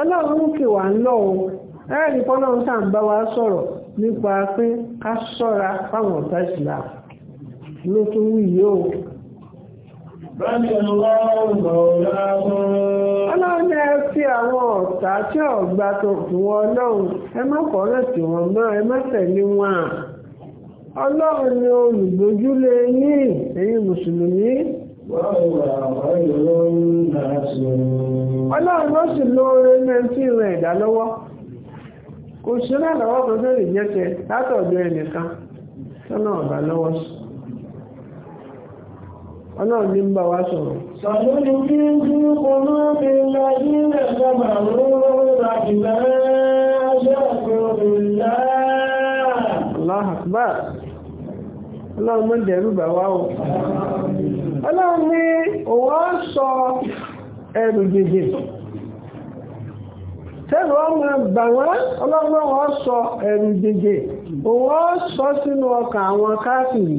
ọlọ́run ń lọ o tá ń bá wa sọ̀rọ̀ nípa pé ká ṣọ́ra fáwọn Ọlọ́run ẹ fi àwọn ọ̀tá tí ọ̀gbà tó fún wọn lọ́hùn ẹ má kọ́rọ̀ tí wọ́n mọ́ ẹ má tẹ̀lé wọn. Ọlọ́run ni olùgbójúlé yín ẹ̀yin Mùsùlùmí. Ọlọ́run ló sì lóore mẹ́ntì rẹ̀ ìdálọ́wọ́. Kò sí náà lọ́wọ́ kan tó jẹ́ tẹ látọ̀dọ̀ ẹnìkan tọ́nà ọ̀bà lọ́wọ́ sí ọlọ́run ní ń bá wa sọ̀rọ̀. sọ̀rọ̀ ni kí n kí kọ́nà bí láyé rẹ̀ sábà lóra ìlà ṣàkóbìlá. Allahu Akbar ọlọ́run mọ́ dẹ̀rù bà wá o. ọlọ́run ní òun á sọ ẹrù gbèdè tẹ́lù ọmọ gbà wọ́n ọlọ́run wọn sọ ẹrù gbèdè òun á sọ sínú ọkàn àwọn káàkiri.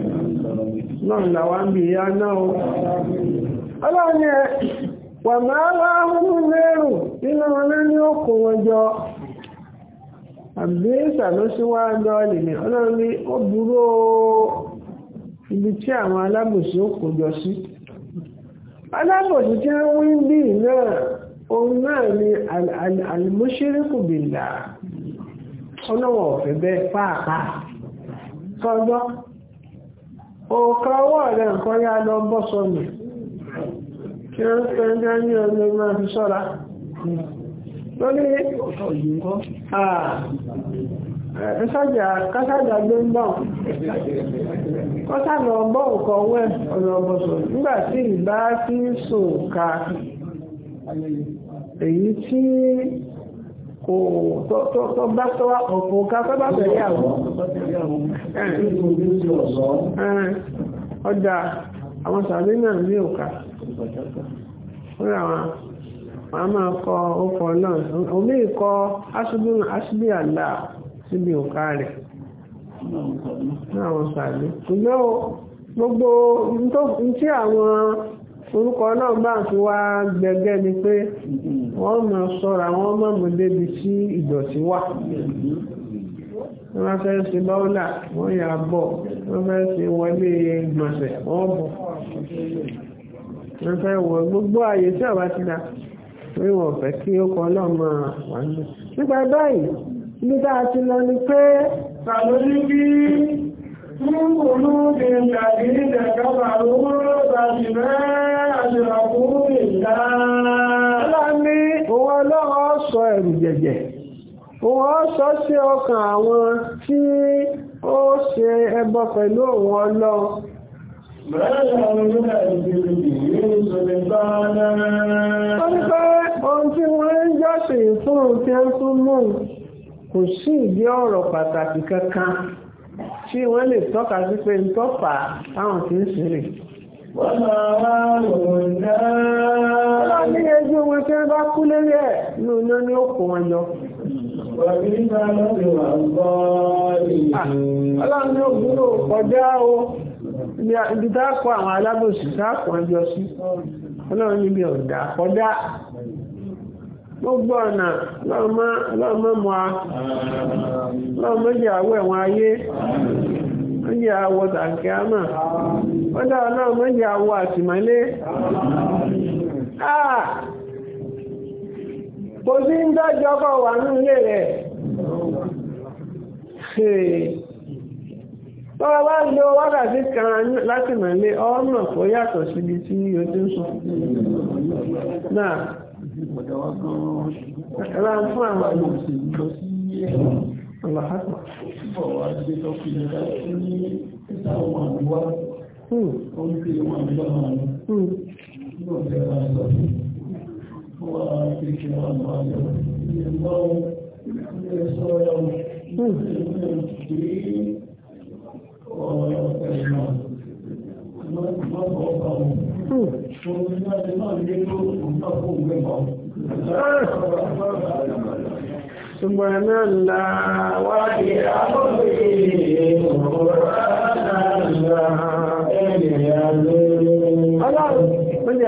náà làwà ń bí ìyá náà o ọlọ́ni ẹ wà máa láhùn lérò nínú ọlẹ́ ní òkú wọn jọ àbí ìsàlóṣíwá dọ́ọ̀lì ni ọlọ́ni ó burú ibi tí àwọn alábòsí òkú jọ sí alábòsí tí wọ́n ń bí náà òun náà ni àlùmọ́ṣẹ́rẹ́kù naa ọlọ́wọ̀ ọ̀fẹ́ bẹ́ẹ̀ pàápàá sọ́dọ́. òkà ọwọ́ rẹ̀ nǹkan yá lọ bọ́ sọnù kí ó pẹ́ ní ẹni ọmọ ẹgbẹ́ fi sọ́ra lórí ẹ̀sájà kásájà gbé ń èyí tí kò tó bá tó wá ọ̀pọ̀ ká tó bá ọ àwọn ọjà àwọn sàbí náà ní òkà fúnra wọn wọ́n máa kọ ọkọ̀ náà omi ìkọ aṣíbí àlá síbi òkà rẹ̀ náà wọ́n sàbí gbogbo tí àwọn orúkọ náà bá ń fi wá gbẹgẹ ni pé wọ́n máa ṣọ́ra wọ́n máa mú débi tí ìdọ̀tí wà wọ́n fẹ́ ṣe báwọ́là wọ́n yà bọ̀ wọ́n fẹ́ ṣe wọlé gbọ̀nsẹ̀ wọ́n bọ̀ wọ́n fẹ́ wọ gbogbo ààyè tí àwa ti dá pé wọ́n fẹ́ kí ó kọ́ náà máa wà nípa báyìí ibi ti lọ ni pé. tàbí bí. من قلوب الذين كفروا فبما أشركوا بالله Láàní òun ọlọ́wọ́ sọ ẹ̀rù jẹ̀jẹ̀, òun ọ sọ sí ọkàn àwọn tí ó ṣe ẹbọ pẹ̀lú òun ọlọ́. Mẹ́rin àwọn olóògbé ìgbèrè ìwé ìṣòlẹ̀ bá náà. Ó ń pẹ́ ohun tí wọ́n ń jọ́sìn fún òun tí ó ń tún mú kò sí ìdí ọ̀rọ̀ pàtàkì kankan tí wọ́n lè tọ́ka sí pé ń tọ́pa táwọn tí ń sìn Wọ́n máa wá òun náà. Wọ́n ní ẹjọ́ wọn tí bá kú lórí ẹ̀ ní iná ní òkú wọn jọ. Ah, Ọlọ́run gbogbo ọ̀nà lọ́mọ́mọ́ a lọ́mọ́jì àwọ̀ ẹ̀wọ̀n ayé mọ́jì àwọ̀ tàkíámà ọ̀dá ọlọ́mọ́jì àwọ̀ àtìmọ́lé àà ah! kò sí ń dájọ́ kọ̀ wà ní ilé rẹ̀ tọ́wọ́ bá lo wákàtí kan láti mọ̀lé ọmọ kò yàtọ̀ síbi tí o ti ń sọ náà ìpàdé wa gan-an. ẹ̀rọ fún àwọn àlọ́ òṣèlú lọ sí ọ̀làkàtà. bọ̀ wá gbé tọ́kì ní láti ní títà àwọn àdúrà. ó ń pè wọn àdúrà wọn. nígbà tí a bá sọ fún wa kéèké wa nù ayọ̀ ilé ńlá o ilé sọ́ọ́yà o ilé ìgbé ọ̀rọ̀ ẹ̀rọ. má bọ̀ ọ́ bá wọn. سبحان الله وبحمده سبحان الله Ọlọ́run ló jẹ́ àwọn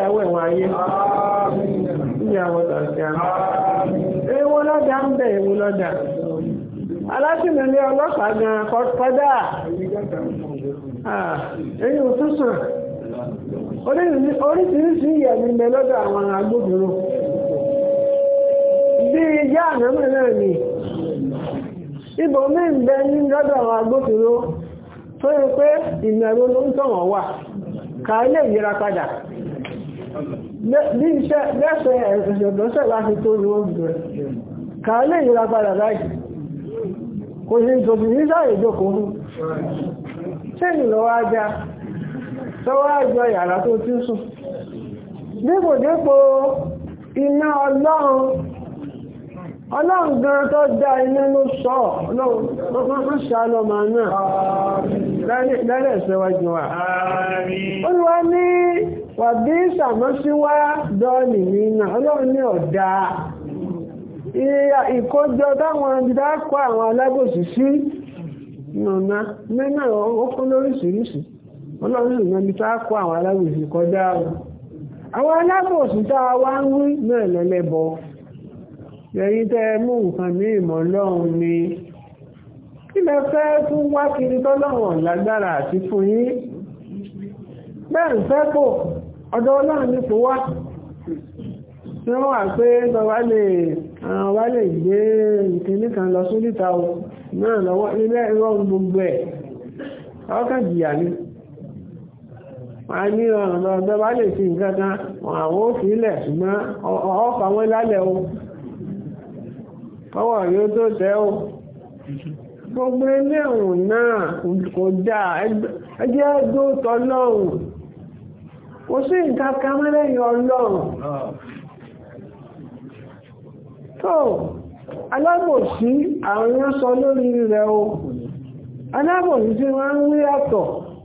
ẹ̀wọ̀n ayé, ní àwọn ọ̀sẹ̀ àmì. Èwo lọ́dà ń bẹ̀ èwo lọ́dà. Alásìnà ní ọlọ́pàá gan-an kọjá. Ẹ̀yìn òtúsùn. oríṣiríṣi ìyẹ̀mí mẹ́ àwọn agbófinró bí ìyá àmẹ́mẹ́ náà ni ibò mí ń bẹ ní lọ́dọ̀ àwọn agbófinró tó yẹ pé ìmẹ̀rún ló ń tọ̀wọ̀n wà kàá lè yíra padà bí iṣẹ́ lẹ́sẹ̀ láti tó sọ́wọ́ àjọ yàrá tó ti sùn dípòdípò iná ọlọ́run ọlọ́run gan tó dá iná ló sọ ọlọ́run ló ṣàánú náà lẹ́rẹ̀ ṣẹwájú wa olúwa ní wàbí ìṣàmọ́síwá dọ́ọ̀lì ọlọ́run ní ọ̀dá ìkójọ táwọn ìdá kọ àwọn sí nùnà mẹ́nà ó lóríṣìíríṣìí ọlọ́run ìgbọ́n mi tá a kó àwọn alábòsí kọjá o àwọn alábòsí tá a wá ń wí náà lẹ́lẹ́bọ lẹ́yìn tẹ́ mú nǹkan ní ìmọ̀ ọlọ́run ni kí lẹ fẹ́ fún wá kiri tọ́lọ́run lágbára àti fún yín bẹ́ẹ̀ ń fẹ́ pò ọ̀dọ̀ ọlọ́run ní kò wá tí wọ́n wà pé bàbá lè wá lè gbé ìkíní kan lọ sólítà o náà lọ́wọ́ ilé ẹ̀rọ gbogbo ẹ̀ ọkàn jìyà ni a ní ọ̀nà lè fi nǹkan kan àwọn òfìlẹ̀ ṣùgbọ́n ọ̀ọ́fà wọn lálẹ́ o ọwọ́ rí ó tó tẹ́ o gbogbo ilé ọ̀hún náà kò dáa ẹjẹ́ ẹgbẹ́ òtọ́ lọ́hùn kò sí nǹkan kan mẹ́lẹ́yìn ọlọ́run tó alábòsí àwọn sọ lórí rẹ̀ o alábòsí tí wọ́n ń rí àtọ̀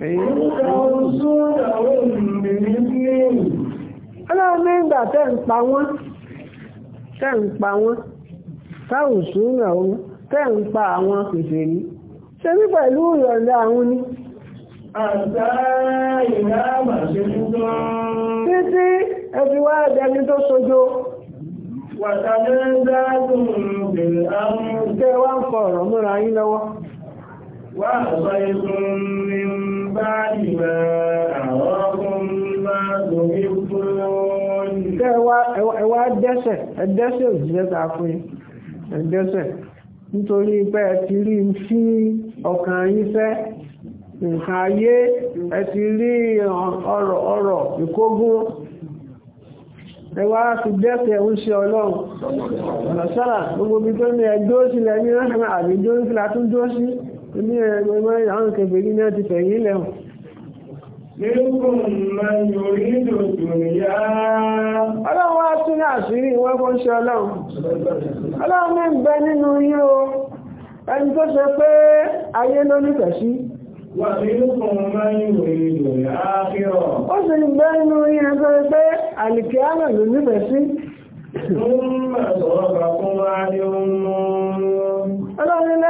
Ọlọ́run ní ìgbà tẹ́ ń pa wọ́n, tẹ́ ń pa wọ́n, táwọn ṣúnà wọn, tẹ́ ń pa àwọn pèsè rí. Ṣé ní pẹ̀lú ìyọ̀nda àwọn ni? Àṣà ìlà àmàṣẹ́ fúnjọ́. Títí ẹbí wá ẹgbẹ̀ni tó sojo. Wàtàlẹ́ ń وأصيتم من بعد ما أراكم ما تحبون ẹwà dẹ́sẹ̀ ẹdẹ́sẹ̀ òjìṣẹ́ ta fún yín ẹdẹ́sẹ̀ nítorí pé ẹ ti rí sí ọkàn yín fẹ́ nǹkan ayé ẹ ti rí ọrọ̀ ọrọ̀ ìkógún ẹ wá fi dẹ́sẹ̀ ń ṣe ọlọ́run ọ̀nà sára gbogbo ibi tó ní ẹgbẹ́ òsì lẹ́yìn náà àbí dúró sí la tún dúró sí ní ẹ̀rọ ẹ̀mọ́ àwọn kẹfẹ̀rí náà ti fẹ̀yìn lẹ́wọ̀n. Nígbùn máa ń yorí yá. Ọlọ́run wá tún ní àṣírí wọ́n kọ́ ń ṣe ọlọ́run. Ọlọ́run ní bẹ nínú yín ẹni tó ṣe pé ayé ló nífẹ̀ẹ́ sí. sí. Ó ń mọ̀ sọ̀rọ̀ bàkún wá ọlọ́run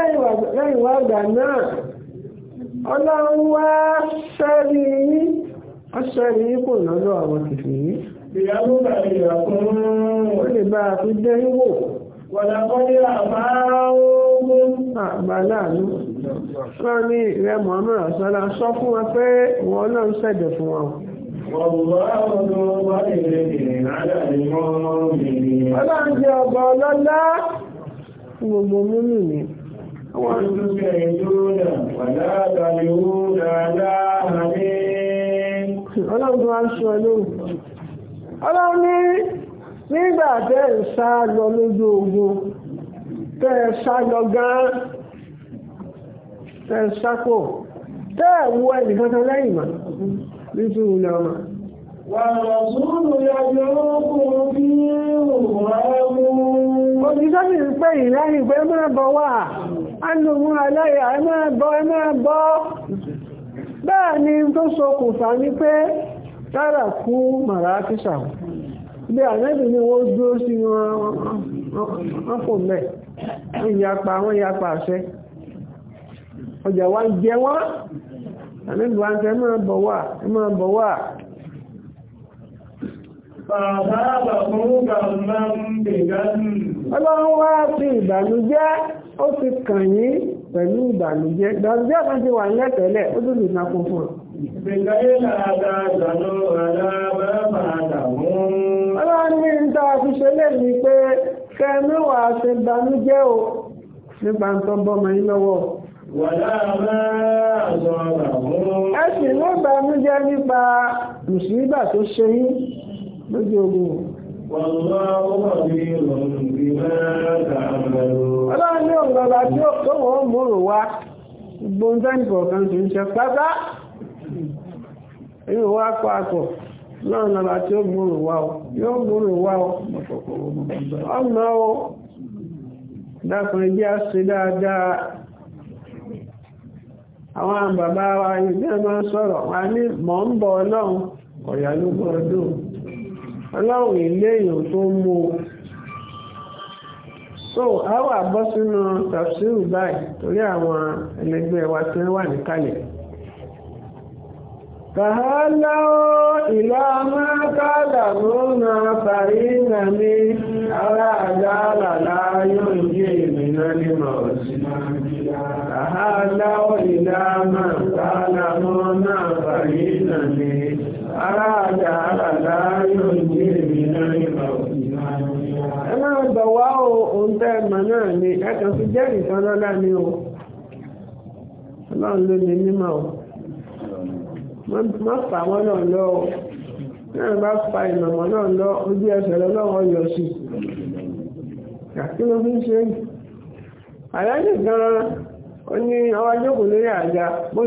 lẹ́yìn wá gbà náà ọlọ́run wá sẹ́rí yí ọ̀sẹ̀rí yí kò àwọn kìfì yí. ó lè bá a fi dé wò. ní ìrẹ́ sọ fún wọn pé wọn náà ń fún wọn. Ọlọ́run jẹ́ ọlọ́lá gbogbo múnú mi. wọ́n tún ṣe ìdúró wàlá àtàlẹ́ òun dáadáa àlẹ́. ọlọ́run tó wá ń sọ lóhùn. ọlọ́run ní nígbà tẹ́ ẹ̀ sá lọ lójú ogun tẹ́ ẹ̀ sá lọ gan tẹ́ ẹ̀ sá tẹ́ ẹ̀ wọ òjíṣẹ́ sì ń pè yìí lẹ́yìn pé máa bọ̀ wà á nù mú aláyà ẹ bọ́ ẹ bọ́ bẹ́ẹ̀ ni tó ṣokùnfà ní pé tára kú màrá kíṣà bí àlẹ́bì ni wọ́n dúró sí wọn fò mẹ́ ìyapa wọn yapa àṣẹ ọjà wa ń jẹ wọn àlẹ́bì wa ń tẹ́ máa bọ̀ wà máa bọ̀ wà Ọlọ́run wá sí ìbànújẹ́, ó ti kàn yín pẹ̀lú ìbànújẹ́. Ìbànújẹ́ kan ti wà lẹ́tẹ̀lẹ̀, ó dùn ìsá kún fún. Ọlọ́run ní ń tọ́ fi ṣe lè ní pé kẹ́míwà ti ìbànújẹ́ o nípa ń tọ́ bọ́mọ yín lójú ogun ọlọ́run ní ọ̀gbọ̀gbà tí tí àwọn bàbá wa yìí ní ẹ̀ sọ̀rọ̀ wà ní mọ̀ ń bọ̀ ọlọ́run ọ̀yà ọlọ́run iléèyàn tó mú o so a wà bọ́ sínú tafsiru torí àwọn ẹlẹgbẹ́ wa tí wà níkàlẹ̀. tàhálà ìlà kálà lónà nà ní ará àjá àlàlá ìrìnà nínú ọ̀sìn. tàhálà ìlà kálà lónà parí nà ní. aráàlá aráàlá yóò ní èmi lórí ẹ máa gbọ̀ wá o tẹ́ ẹ̀mọ̀ náà ni ẹ̀kan fi jẹ́ nìkan lọ́lá ni o ọlọ́run ló ní mímọ̀ o má fà wọ́n náà lọ o náà bá fa ìmọ̀mọ́ náà lọ ojú ẹsẹ̀ lọ́wọ́ yọ sí kí ló fi ń ṣe gan-an ó ní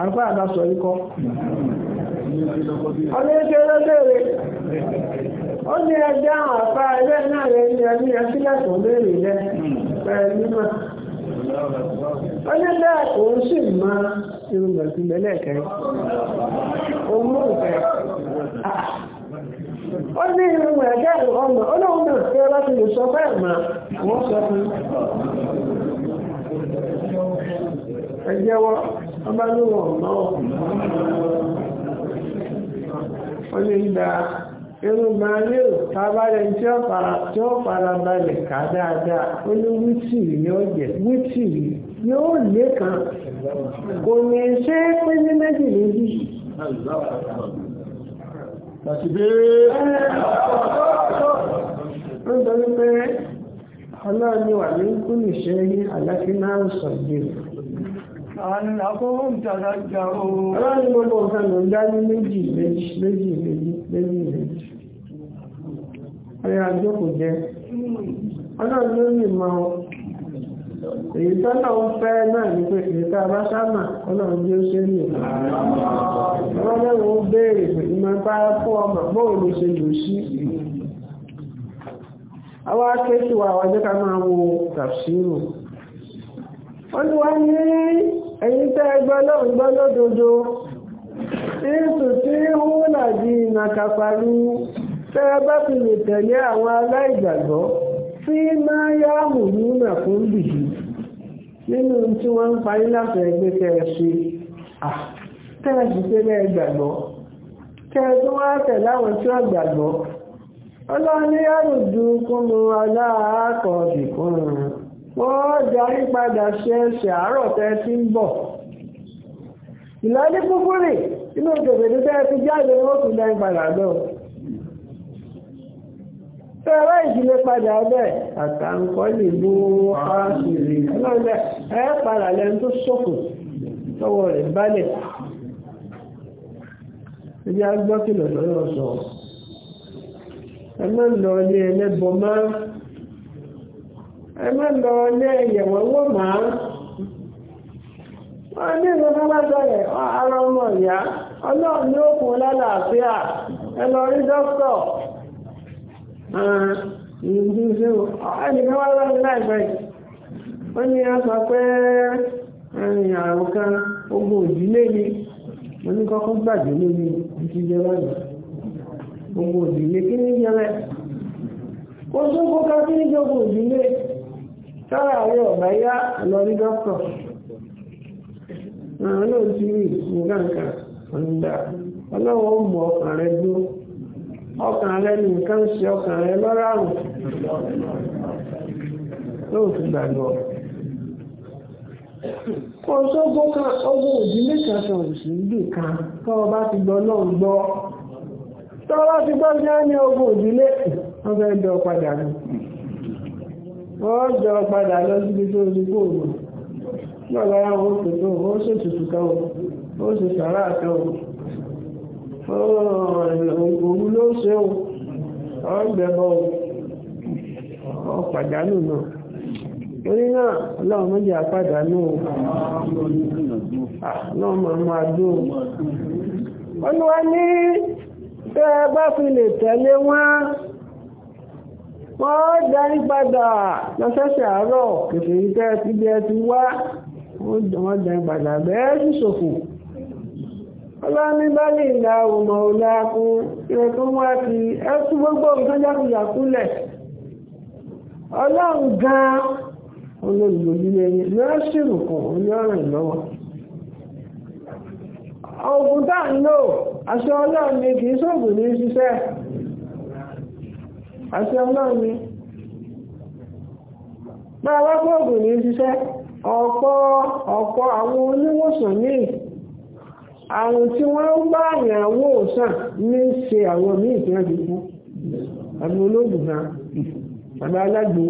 àpá àdásọ ikọ́ ọlẹ́kẹ́lẹ́ bèèrè ó ní ẹgbẹ́ àwọn àpá ẹgbẹ́ náà rẹ̀ ní ẹni ẹsílẹ̀kùn bèèrè rẹ̀ pẹ̀lú mọ́ ó ní bẹ́ẹ̀ kò ń sì mọ irun bẹ̀sùn mú ìfẹ́ ó ní irun ẹ̀gẹ́ ọmọ olóhùn náà lè sọ bẹ́ẹ̀ mọ́ wọ́n sọ fún wọ́n bá ló wọ̀n náà wọ́n lè gba irú màálù tábàlẹ̀ tí ó fara balẹ̀ ká dáadáa ó ní wítìrì ni ó jẹ wítìrì lé kan kò ní ṣe pé ní méjì pé wà ní Ọlọ́run mo lọ fẹ́ lọ dání méjì méjì méjì méjì méjì méjì. Ọ̀rẹ́ àjókòó jẹ́. Ọlọ́run ló lè mọ èyí tọ́lá ń fẹ́ náà ní pé èyí tá a bá sáàmà ọlọ́run bí ó ṣe lè wọ́n lẹ́wọ̀n ó béèrè pé ìmọ̀ bá fún ọmọ àwọn ẹjẹ́ máa wo tàfsírù. wọ́n ní wá ní ẹ̀yin tẹ́ ẹgbẹ́ náà gbọ́ lódodo ìsù tí húnà di ìnàkàfàrí tẹ́ ẹ bá fi lè tẹ̀lé àwọn aláìgbàgbọ́ tí máa yá mùmú fún nínú tí wọ́n ń parí láti ẹgbẹ́ tẹ́ ẹ ṣe tẹ́ ẹ ṣe tẹ́ ẹ tún wá tẹ̀lé àwọn tí wọ́n wọ́n darí padà ṣe ẹsẹ̀ àárọ̀ tẹ́ sí ń bọ̀. ìlànà púpọ̀ inú ìjọ̀bẹ̀dẹ̀ tẹ́ ti jáde wọ́n tún darí padà náà. Tẹ́rẹ́ padà ọbẹ̀ àtàǹkọ́ lè mú ẹ padà lẹ́nu tó sọ̀kù tọwọ́ rẹ̀ balẹ̀. agbọ́kìlọ̀ sọ. Ẹ má lọ ilé ẹlẹ́bọ ẹ má lọ ilé ẹ̀yẹ̀wò wọ́n máa wọ́n ní ìrọ̀lẹ́ bá bẹ̀rẹ̀ ara ọmọ ìyá ọlọ́run ní lálàáfíà rí dókítọ̀ ìlú sí láìpẹ́ ó ní a sọ pé àrùn kan ogun òdílé ni mo ní kọ́kọ́ gbàgbé jẹ báyìí ogun kí ní jẹ bẹ́ẹ̀ ká kí ní jẹ ogun sára rẹ̀ ọ̀bá yá lọ rí dọ́kítọ̀ àwọn náà ti rí nǹkankan ọ̀nìdá ọlọ́wọ́ mọ ọkàn rẹ dúró ọkàn rẹ ní nǹkan ṣe ọkàn rẹ lọ́rọ̀ àrùn lóò ti gbàgbọ́ kò sógbó kan kan kan bá ti gbọ́ náà wọ́n jọ padà lọ síbi tó ti kó òun náà lọ́wọ́ àwọn òṣèlú ó ṣètùtù kan ó ṣe sàrà kan òun ló ṣe o àwọn ìgbẹ̀bọ̀ ọ̀pàdánù náà orí náà ọlọ́run méjì àpàdánù ọlọ́run máa máa dó olúwa ní tẹ́ bá fi lè tẹ̀lé wọn wọ́n ní padà lọ́sẹ̀sẹ̀ àárọ̀ kèfè ti ibi ẹ ti wá wọ́n darí padà bẹ́ẹ̀ sì ṣòfò ọlọ́ni bá lè la tó wá ti ẹkú gbogbo nǹkan ọlọ́run gan kan tá ń lò aṣọ í ṣiṣẹ́ àti ọlọ́run ni bá wá gbọ́ọ̀gùn ní ṣiṣẹ́ ọ̀pọ̀ ọ̀pọ̀ àwọn oníwòsàn míì àwọn tí wọ́n ń bá àyàn wòsàn ní ṣe àwọn míì tí wọ́n ti kú àbí olóògùn kan àbí alágbo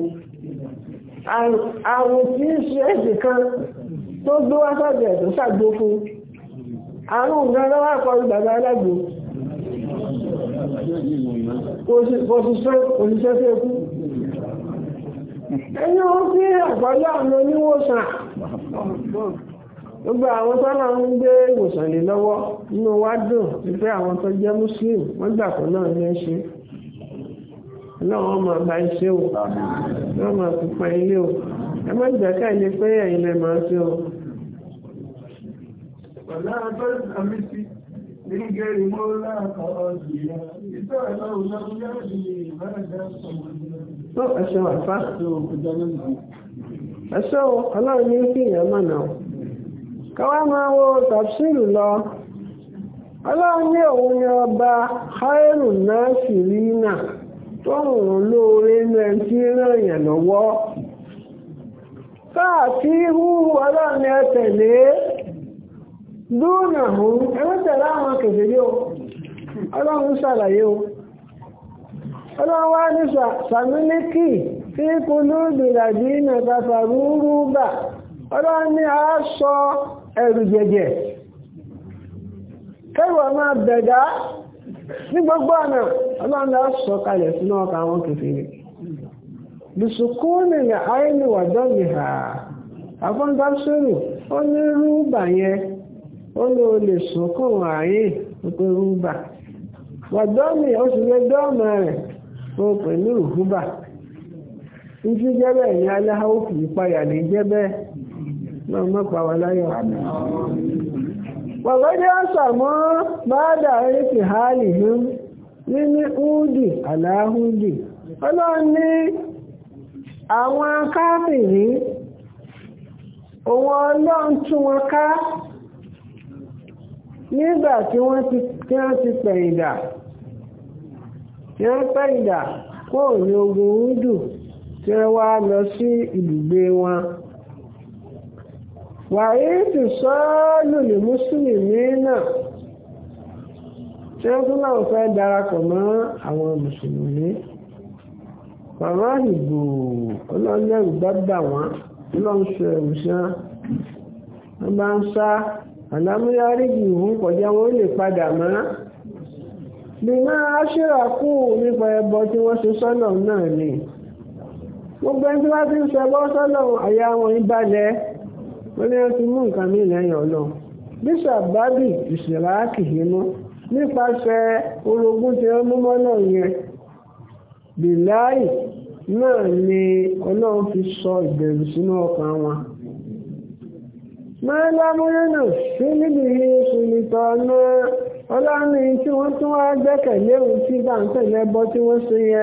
àwọn tí ń ṣe ẹ̀sìn kan tó gbé wá sọ́dọ̀ ẹ̀ ṣàgbó òṣìṣẹ́ tó kú ẹni ó fi àgbáyé àwọn oníwòsàn gbogbo àwọn tọ́lá ń gbé ìwòsàn lè lọ́wọ́ nínú wa dùn wípé àwọn tó jẹ́ muslim wọ́n gbà pé náà ní ẹ ọlọ́run máa bá iṣẹ́ لغير مولاها قاضية إذا لو لم يجي ماذا Tó ẹ̀ṣọ́ àfá. Ẹ̀ṣọ́ ọlọ́run ní kí èèyàn mọ̀nà. Káwá máa wo tàbsírù lọ. Ọlọ́run ní òun ni ọba Khairu Nasirina tó rùn lóore ní ẹni tí ń lọ́wọ́. Káàkiri hu ọlọ́run ẹ tẹ̀lé. dúnà òun ẹgbẹ́tẹ̀lá àwọn kèfèrè o ọlọ́run ọ o ọlọ́run ní sàmílíkì tí kú lóòdù ìràjí ìnà tàfàrú rúgbà ọlọ́run ní a sọ ẹ̀rù jẹ̀jẹ̀ kẹwàá máa bẹ̀dá ní gbogbo ọ̀nà ọlọ́run lọ sọ kalẹ̀ sínú ọkà àwọn ní àìníwàdọ́gì hà ó ní yẹn ó lè o lè sùn kóun àárín pé rúbà wàdọ́mì oṣù lẹ́dọ́ọ̀mọ rẹ̀ o pẹ̀lú rúbà ibi jẹ́bẹ̀ ní aláhàwò kì í payà jẹ́bẹ̀ náà pa wà láyọ̀ wàgọ́dé ọ̀sà mọ́ báádà oríṣi hálì hún nínú údì aláhúdì ọlọ́run ní àwọn káfìrí òun ọlọ́run tún wọn ká nígbà tí wọ́n ti tí wọ́n ti pẹ̀yìndà tí wọ́n pẹ̀yìndà kó ní ogun rúdù tí wọ́n wá lọ sí ibùgbé wọn. wàyí ti sọ́ọ́lù ní mùsùlùmí náà tí wọ́n tún láwọn fẹ́ darapọ̀ mọ́ àwọn mùsùlùmí. bàbá ìbò ọlọ́lẹ́rù gbọ́dọ̀ wọn ló ń ẹ̀rù sán wọ́n bá ń sá. àlámúyá rígì ìhún kọjá wọn lè padà mọ́ bí máa kú nípa ẹbọ tí wọ́n ṣe sọ́nà náà ni gbogbo ẹni tí wọ́n ti ń sọ́nà àyà wọn ń balẹ̀ wọ́n wọ́n ti mú nǹkan mí lẹ́yìn ọlọ́run bíṣà bábì nípasẹ̀ orogún tí wọ́n mú mọ́nà yẹn náà sọ ìbẹ̀rù sínú ọkàn wọn. máa lámúrẹ́ náà sí níbi ìṣòlìtọ̀ ọ̀nà ọlọ́run tí wọ́n tún wá gbẹ́kẹ̀lé òun tí bá ń tẹ̀lé ẹbọ tí wọ́n ṣe yẹ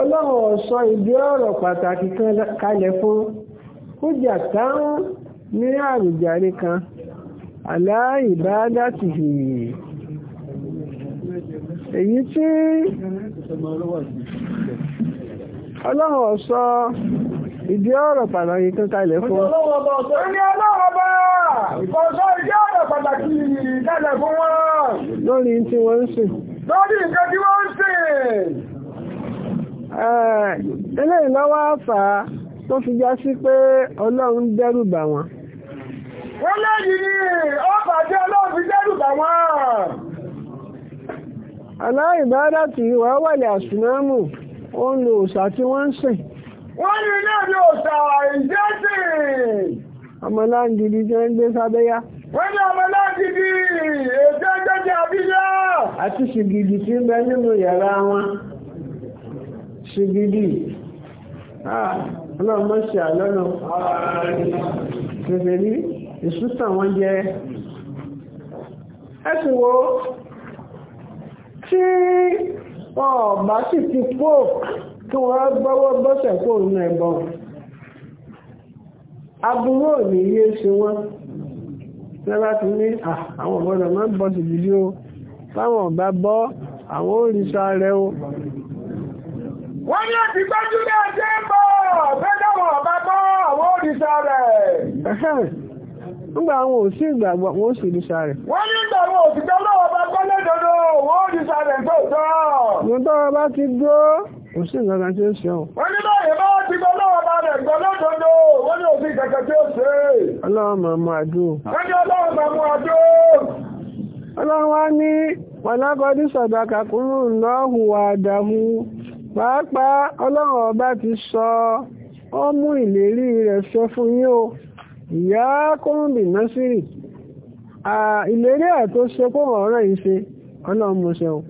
ọlọ́run ọ̀sọ́ ìdí ọ̀rọ̀ pàtàkì kalẹ̀ fún kújà táwọn ní kan ìdí ọ̀rọ̀ pàtàkì tó kalẹ̀ fún ọ. Ní ọlọ́wọ́ ọba, ọ̀sọ́ ìdí ọ̀rọ̀ pàtàkì kalẹ̀ fún wọn. Lórí tí wọ́n ń sìn. Lórí nǹkan tí wọ́n ń sìn. Eléyìí lọ́wọ́ àfà tó fi já sí pé Ọlọ́run dẹ́rù bà wọ́n. Wọ́n fi dẹ́rù bà wọ́n. wà lè ó ń lo òòṣà wọ́n ń sìn. wọ́n ní ilé ìdí òṣà ìjẹ́sì ọmọláńgidi tí wọ́n ń gbé sábẹ́yá wọ́n ní ọmọláńgidi ètò ẹgbẹ́jẹ́ àbíyá àti ṣìgìdì tí ń bẹ nínú yàrá wọn ṣìgìdì ah, ọlọ́run mọ́ ṣe àlọ́nà kèfèrí ìṣúsàn wọn jẹ́ ẹ̀sùn wo tí ọ̀bá sì ti fóòkù kí wọ́n gbọ́wọ́ bọ́sẹ̀ kó nínú ẹbọ aburú ò ní yé ṣe wọ́n lẹ́bà ti ní ah, àwọn ọ̀gbọ́dọ̀ máa ń bọ́ sí ìdílé o táwọn ọ̀gbá bọ́ àwọn òrìṣà rẹ̀ o wọ́n ní àti gbájú ní ọjọ́ ẹ̀bọ̀ bẹ́ẹ̀dọ̀wọ̀ ọ̀bá bọ́ àwọn òrìṣà rẹ̀ nígbà àwọn òsì ìgbàgbọ́ àwọn òsì òrìṣà rẹ̀ wọ́n ní ìgbà àwọn òsì kò sí nǹkan kan tí ó ṣe ọ̀. wọ́n ní báyìí bá ti gbọ́ lọ́wọ́ bá rẹ̀ gbọ́ lọ́dọọdọ wọ́n ní òfin kankan tí ó ṣe. ọlọ́run máa mú àdó. wọ́n ní ọlọ́run máa mú àdó. ọlọ́run wá ní pàlákọ́dí sọ̀dọ̀kà kúrú lọ́hù àdàhù pàápàá ọlọ́run ọba ti sọ ó mú ìlérí rẹ̀ ṣẹ fún yín o ìyá kọ́ńbì násírì ìlérí ẹ̀ kó ọ̀rọ̀ yìí ṣe ọlọ́run mo ṣe o.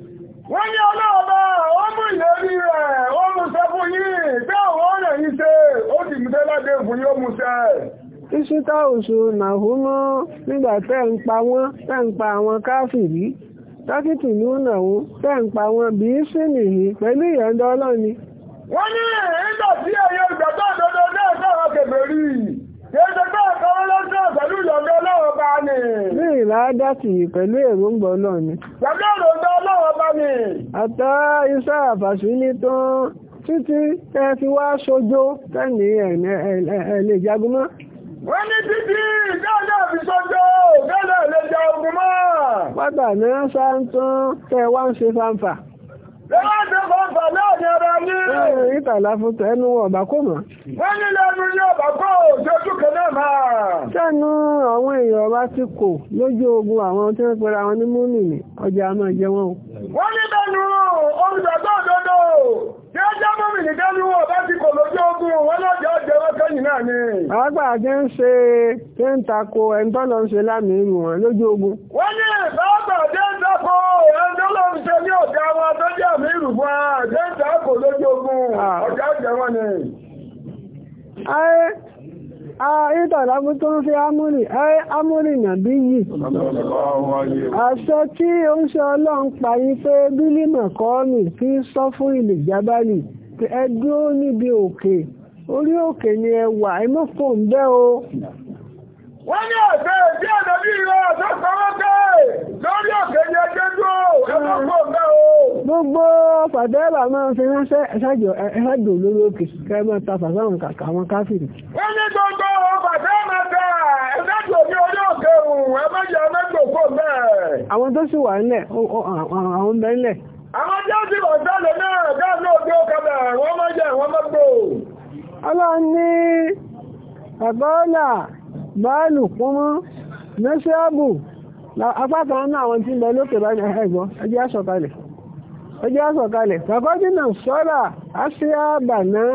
wọ́n ní ọlọ́ọ̀bá ó mú ìlérí rẹ̀ ó mú sẹ́ fún yìí tí àwọn ọ̀nà yìí ṣe ó sì mú sẹ́ fún yóò mú sẹ́ ìṣítà òṣù nàhúmọ́ nígbà tẹ́ ń pa wọ́n tẹ́ ń pa àwọn káfìrí dókítì ní ònàwó tẹ́ ń pa í sí nìyí pẹ̀lú ìyọ̀ndọ́ ọlọ́ni wọ́n ní ìgbà tí Ní ìlàádá sí pẹ̀lú èròǹgbà ọlọ́run ni. Pẹ̀lú èròǹgbà ọlọ́run bá ni. Àtà iṣẹ́ àfàṣí ní tán títí ẹ fi wá ṣojú tẹ́ni ẹ̀lẹ́ jagun mọ́. Wọ́n ní títí dáadáa fi ṣojú dáadáa lè jagun mọ́. Pátà náà sáà ń tán tẹ́ wá ń ṣe fàǹfà. Eh, Ìtàlá fún tẹnu ọ̀bà kò mọ̀. Wọ́n ní lẹ́nu ní ọ̀bà kò jọjú kan náà máa. Tẹ́nu àwọn èèyàn ọba ti kò lójú ogun àwọn tí wọ́n pẹ̀lú àwọn onímúnì ọjà máa jẹ wọ́n. Wọ́n ní lẹ́nu oúnjẹ tó dọ́dọ̀. Jẹ́jẹ́ mọ́mí ní Dẹ́lúwọ̀ bá ti kò lójú ogun wọn lọ́jọ́ ọjọ́ náà ni. Àgbà kí ń ṣe kí ń tako ẹ̀ńtọ́lọ ń ṣe lámì wọn lójú ogun. Wọ́n ní jẹ́ ń tako ń ṣe ní ọ̀gá wọn tó jẹ́ àmì ogun ah. ọjọ́ ọjọ́ wọn àìdàlá mú tó ń fi amúrì ẹ́ amúrì nàbí yìí àṣẹ tí ó ń ṣe ọlọ́run pàyí pé bílímọ̀ kọ́ mi kí sọ fún jábálì ẹ dúró níbi òkè orí òkè ni ẹ wà ẹ o. wọ́n ní ọ̀sẹ̀ tí o. gbogbo máa ń fi ránṣẹ́ ẹ̀ṣájò lórí òkè kẹ́ ẹ máa ta kàkà àwọn kó àwọn tó sì wà nílẹ̀ àwọn bẹ́ẹ̀ nílẹ̀. àwọn tí ó sì wà sálẹ̀ náà dáàbò tó kọbẹ̀ wọ́n mọ́ jẹ́ wọ́n mọ́ gbò. ọlọ́run ní àbọ́ọ̀là báàlù pọ́nmọ́ mẹ́sẹ́àbù apá náà àwọn tí ń bẹ lókè báyìí ẹ̀gbọ́n ẹjẹ́ àsọ̀kalẹ̀ ẹjẹ́ àsọ̀kalẹ̀ kàkọ́dínà sọ́ra àṣíyàbà náà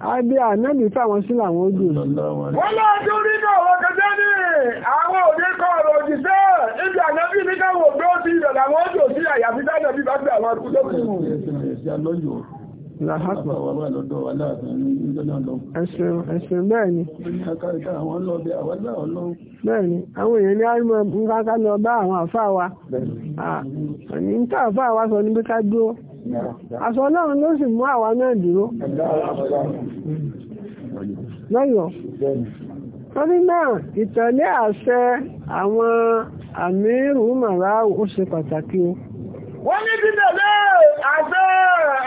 Adé ànábì táwọn sí làwọn ó dùn. Wọ́n máa tó rí náà wọ́n kẹjẹ́ ní àwọn òní kan ọ̀rọ̀ òjìṣẹ́ ibi ànábì ní káwọn òbí ó ti ìdọ̀lá wọn ó dùn sí àyàfi tánàbí bá gbé àwọn akúlọ́kùnrin. Ẹ̀sìn bẹ́ẹ̀ ni. Bẹ́ẹ̀ ni, àwọn èèyàn ní àrímọ̀ nkáká lọ bá àwọn àfáà wa. Níta àfáà wa sọ níbi ká dúró. Àṣọ náà ló sì mú àwa náà dúró. Lọ́yọ̀. Torí náà, ìtẹ̀lé àṣẹ àwọn àmì ìrùmọ̀ra ó ṣe pàtàkì o. Wọ́n ní dídẹ̀ lẹ́ẹ̀ àṣẹ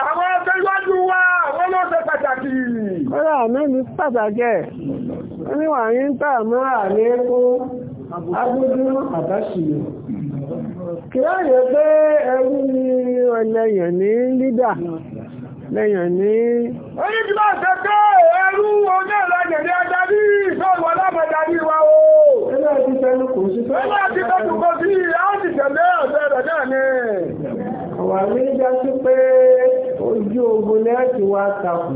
àwọn síwájú wa wọ́n ló ṣe pàtàkì. Ọlá mẹ́mi pàtàkì ẹ̀, ó ní wà ní tà mọ́ra ní kó agbójú àbáṣìlò. Kì yẹ pé ẹrú ni ọlẹ́yàn ní lídà, lẹ́yàn ní. Ó ní máa ṣe pé ẹrú oní ìlànà ní adarí ìṣòro alábọ̀darí wa o. Ẹgbẹ́ ti fẹ́ ló kò sí. Ẹgbẹ́ ti fẹ́ ló sí. sì wá takò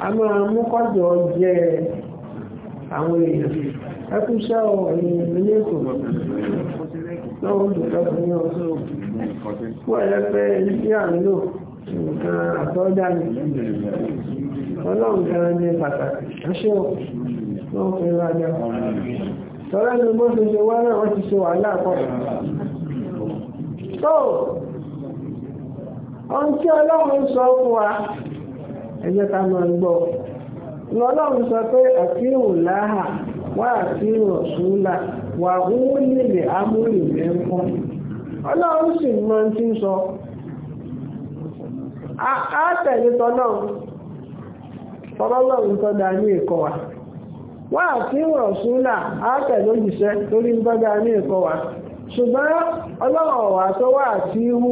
a máa mú kọjọ jẹ àwọn èèyàn ẹkú iṣẹ́ ọ ẹ̀yìn ilé ètò náà olùkọ́ fún yọ fún ẹlẹ́pẹ́ tí à ń lò nǹkan àtọ́jà ni ọlọ́run kan ní pàtàkì ẹṣẹ́ ò wọ́n fi rájá tọ́lá ní bó ṣe ṣe wá náà wọ́n ti ṣe wàhálà pọ̀ tó ohun tí ọlọ́run sọ fún wa ẹ jẹ́ ká máa gbọ́ lọ́lọ́run sọ pé àfihàn láhà wá àfihàn wà wọ́n nílẹ̀ amúrì mẹ́kọ́ Ọlọrụ sì máa ti sọ a tẹ̀lé tọ́lọ́run tọ́lọ́run tọ́ ní ẹ̀kọ́ wa àfihàn a tẹ̀lé òjìṣẹ́ lórí ní ẹ̀kọ́ wa ṣùgbọ́n ọlọ́run ọ̀wà tó wà àti ihu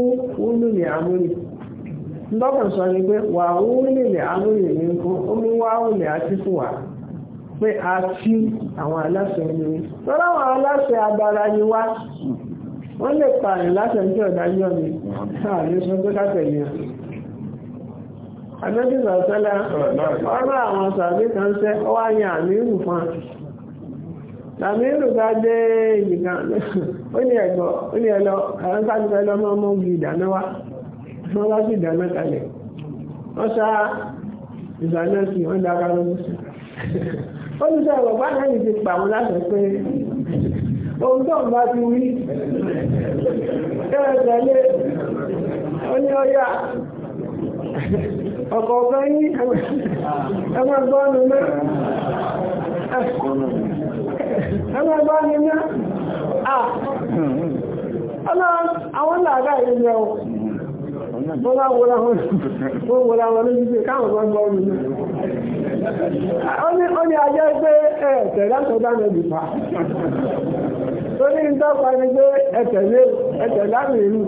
ndọ́kàn sọ ni pé wà wúlè lè amúlè ní fún omi wá a fi àwọn aláṣẹ ní lọ́dọ̀ àwọn aláṣẹ agbára ni wá wọ́n lè pààyàn láṣẹ ní ọ̀dájọ́ mi láàrin sọ pé kátẹ̀lé àjọ́jú sọ̀tẹ́lẹ̀ ọ̀rọ̀ àwọn sàbí kan sẹ́ ọ wá yan àmírù fún àmírù dé ìgbìkan ó ní ó ní àwọn sábìkan wọ́n wá sí ìdáná kalẹ̀ wọ́n sá ìdáná sí wọ́n dára lọ́wọ́ sí olùsọ ọ̀rọ̀ bá náà yìí ti pa àwọn láṣẹ pé ohun tó ń bá ti wí ẹ̀rọ tẹ̀lé ó ní ọyá ọkọ̀ ọ̀gá yín ẹgbẹ́ gbọ́nu náà ẹgbẹ́ gbọ́nu náà ah, àwọn làárá ìlú ẹ̀wọ̀n ó bá wọlá wọn ó wọlá wọn lójú pé káwọn kan gbọ́ mi. ó ní ajẹ́ pé ẹ̀ tẹ̀lá tó dáná ẹ̀dì ó ní ìtọ́pa ni pé ẹ tẹ̀lé ẹ tẹ̀lá rú.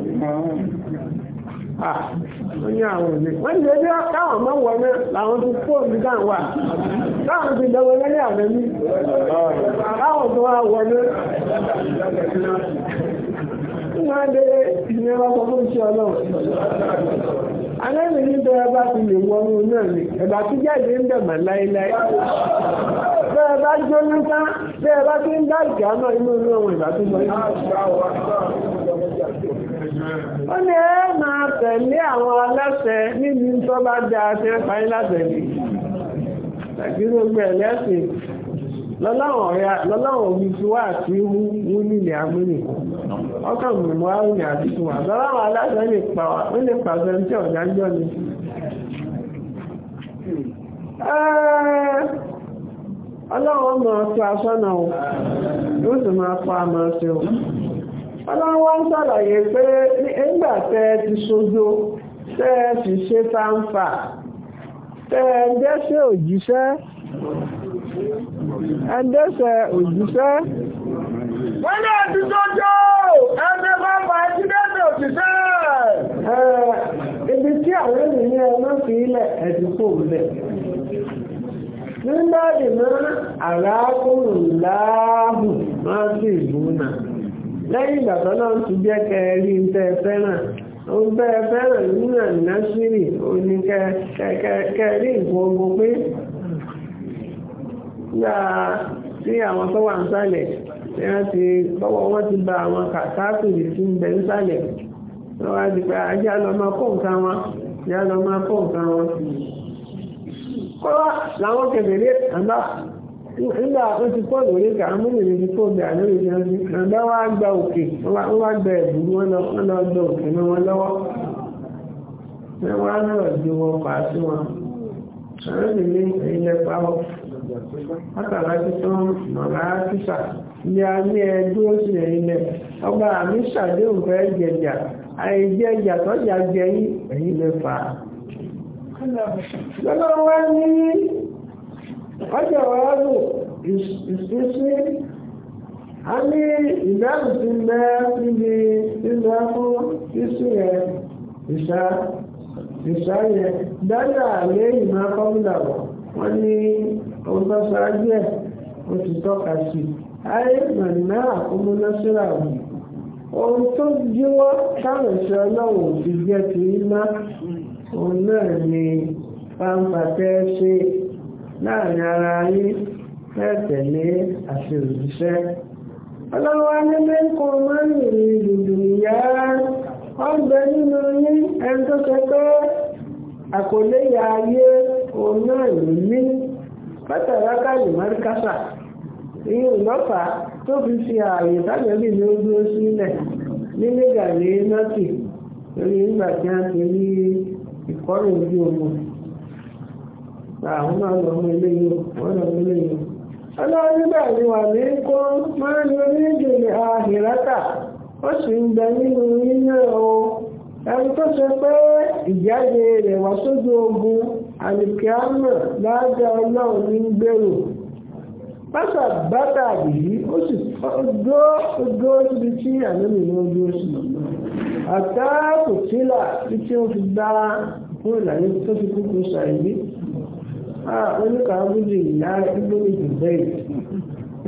Wọ́n ní àwọn òní. Wọ́n ní ẹbí káwọn ọmọ wọn náà làwọn ti kó omi dáhùn wà. Káwọn ti dọ̀wọ́ lẹ́lẹ́ àmẹ́mí. Káwọn tó wá wọlé máa lè ìnira sọ fún iṣẹ́ ọlọ́run. Alẹ́rìn ní bẹ́ẹ̀ bá ti lè wọnú náà ni, ẹ̀bà tí jáde ń dẹ̀mọ̀ láéláé. Bẹ́ẹ̀ bá jó ní ká, bẹ́ẹ̀ bá ti ń dá ìjà náà inú inú àwọn ìgbà tó lọ yìí. Ó ní ẹ máa tẹ̀lé àwọn aláṣẹ níbi tó bá dáa ṣe ń parí látẹ̀lé. Tàbí gbogbo ẹ̀ lẹ́sìn lọ́láwọ̀n wíṣíwá àti wú nílẹ̀ agbóni ọkàn mọ̀mọ́ àrùn àti tùmọ̀ lọ́láwọ̀n aláṣẹ lè pàṣẹ tí ọ̀dá jọ ni ọlọ́wọ́ máa fi aṣọ́nà o yóò sì máa pa àmà sí òjíṣẹ́ E òjíṣẹ́. wọ́n ní àtijọ́ jọ ẹgbẹ́ bàbá ẹ̀dẹ́sẹ̀ òjíṣẹ́. ibi tí àwọn ènìyàn ọmọ fi ilẹ̀ ẹ̀dínkù lẹ̀. nígbà ìmọ̀ àràkùnrin láàbù máa ń sì náà lẹ́yìn ìgbà tó náà ti jẹ́ kẹrí ń tẹ́ fẹ́ràn bẹ́ẹ̀ fẹ́ràn nínú sírì pé nígbà tí àwọn tó wà nísàlẹ̀ tí wọ́n ti bọ́wọ́ wọ́n ti ba àwọn kàkàkùnrin tí ń bẹ nísàlẹ̀ wọ́n wá di pé ajá lọ máa kó nǹkan wọn ajá lọ máa kó nǹkan wọn. kọ́lá làwọn kẹfẹ́lẹ́ àbá nígbà ó ti lórí ti bẹ̀ àlórí wá gba òkè wọ́n wá gba wọn lọ wọ́n lọ gba òkè wọn lọ́wọ́ wọ́n wá náà ju wọn pàṣẹ wọn àwọn ènìyàn látara títọ́ mọ̀lá tíṣà ní alẹ́ ẹjọ́ sí ẹ̀yìn lẹ̀ ọba àmì ṣàdéhùn fẹ́ jẹjà àìjẹjà tọ́jà jẹyìn ẹ̀yìn lẹ́fà. lọ́nà wá ní ọjà wàhálù ìṣesí a ní ìdáhùn ti mẹ́ níbi nígbà fún sísú yẹn ìṣá ìṣá yẹn dáadáa lẹ́yìn máa kọ́ ń dàbọ̀ wọ́n ní ohun tó ṣáájú ẹ̀ ó ti tọ́ka sí ayé nàìjíríà àkómọ́násíra wù ohun tó jíwọ́ táwọn ìṣẹ́ ọlọ́run ò jẹ́ ti rí má òun náà ni pàǹpà tẹ́ ṣe láàrin ara yín fẹ́ tẹ̀lé àti òṣìṣẹ́ ọlọ́wọ́ nílé kò máa ń rìn ìdùnnú ìyá ọgbẹ́ nínú yín ẹni tó ṣe pé àkọlé ayé òun náà ló ní bàtà rákàlì márìkásà ìyẹn lọ́fà tó fi ṣe ààyè ni ó dúró sílẹ̀ nílé gàlẹ́ nọ́ọ̀kì lórí nígbà tí wọ́n ti rí ìkọ́rọ̀ ojú ọmọ àwọn náà lọ mọ ilé yìí wọ́n lọ mọ ilé yìí ọlọ́run nígbà ni wà ní kó máa ń lo oníjìnlẹ̀ àhìrátà ó sì ń àlìkíámà láàjà ọlọ́run ní gbèrò pásà bàtà yìí ó sì dó dó síbi tí ànámì náà dúró sí àtàkù tílà títí ó fi gbá fún ìlànà tó fi kúkú sàìdí oníkàábùdì ìyá ìgbóni jùbẹ́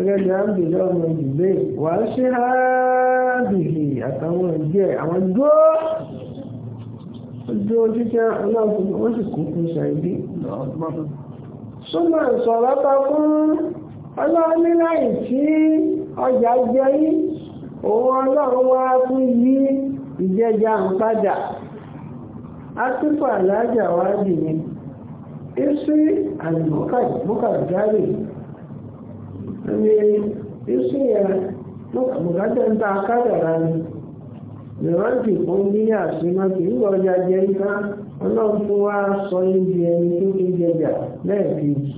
gẹ́gẹ́ bí àbùdá ọmọ jùbẹ́ wàá ṣe háàbìlì àtàwọn ẹgbẹ́ àwọn dúró ojú ojú jẹ́ ọlọ́run wọ́n sì kún fún ṣàìdí. súnmọ̀ ìsọ̀rọ̀ ta fún ọlọ́run ní láì tí ọjà jẹ́ yí òun ọlọ́run wá fún yí ìjẹjà ń padà akíkọ̀ àlájà wá dì ní isi àlùmọ́kàdárì ní isi yẹn mọ́kàdárì ń ta kádàrá ni. ìrántí fún bí àṣemọ́ kì í lọ́jà jẹ́ ńká ọlọ́run tó wá sọ níbi ẹni tó ké jẹjà lẹ́ẹ̀kejì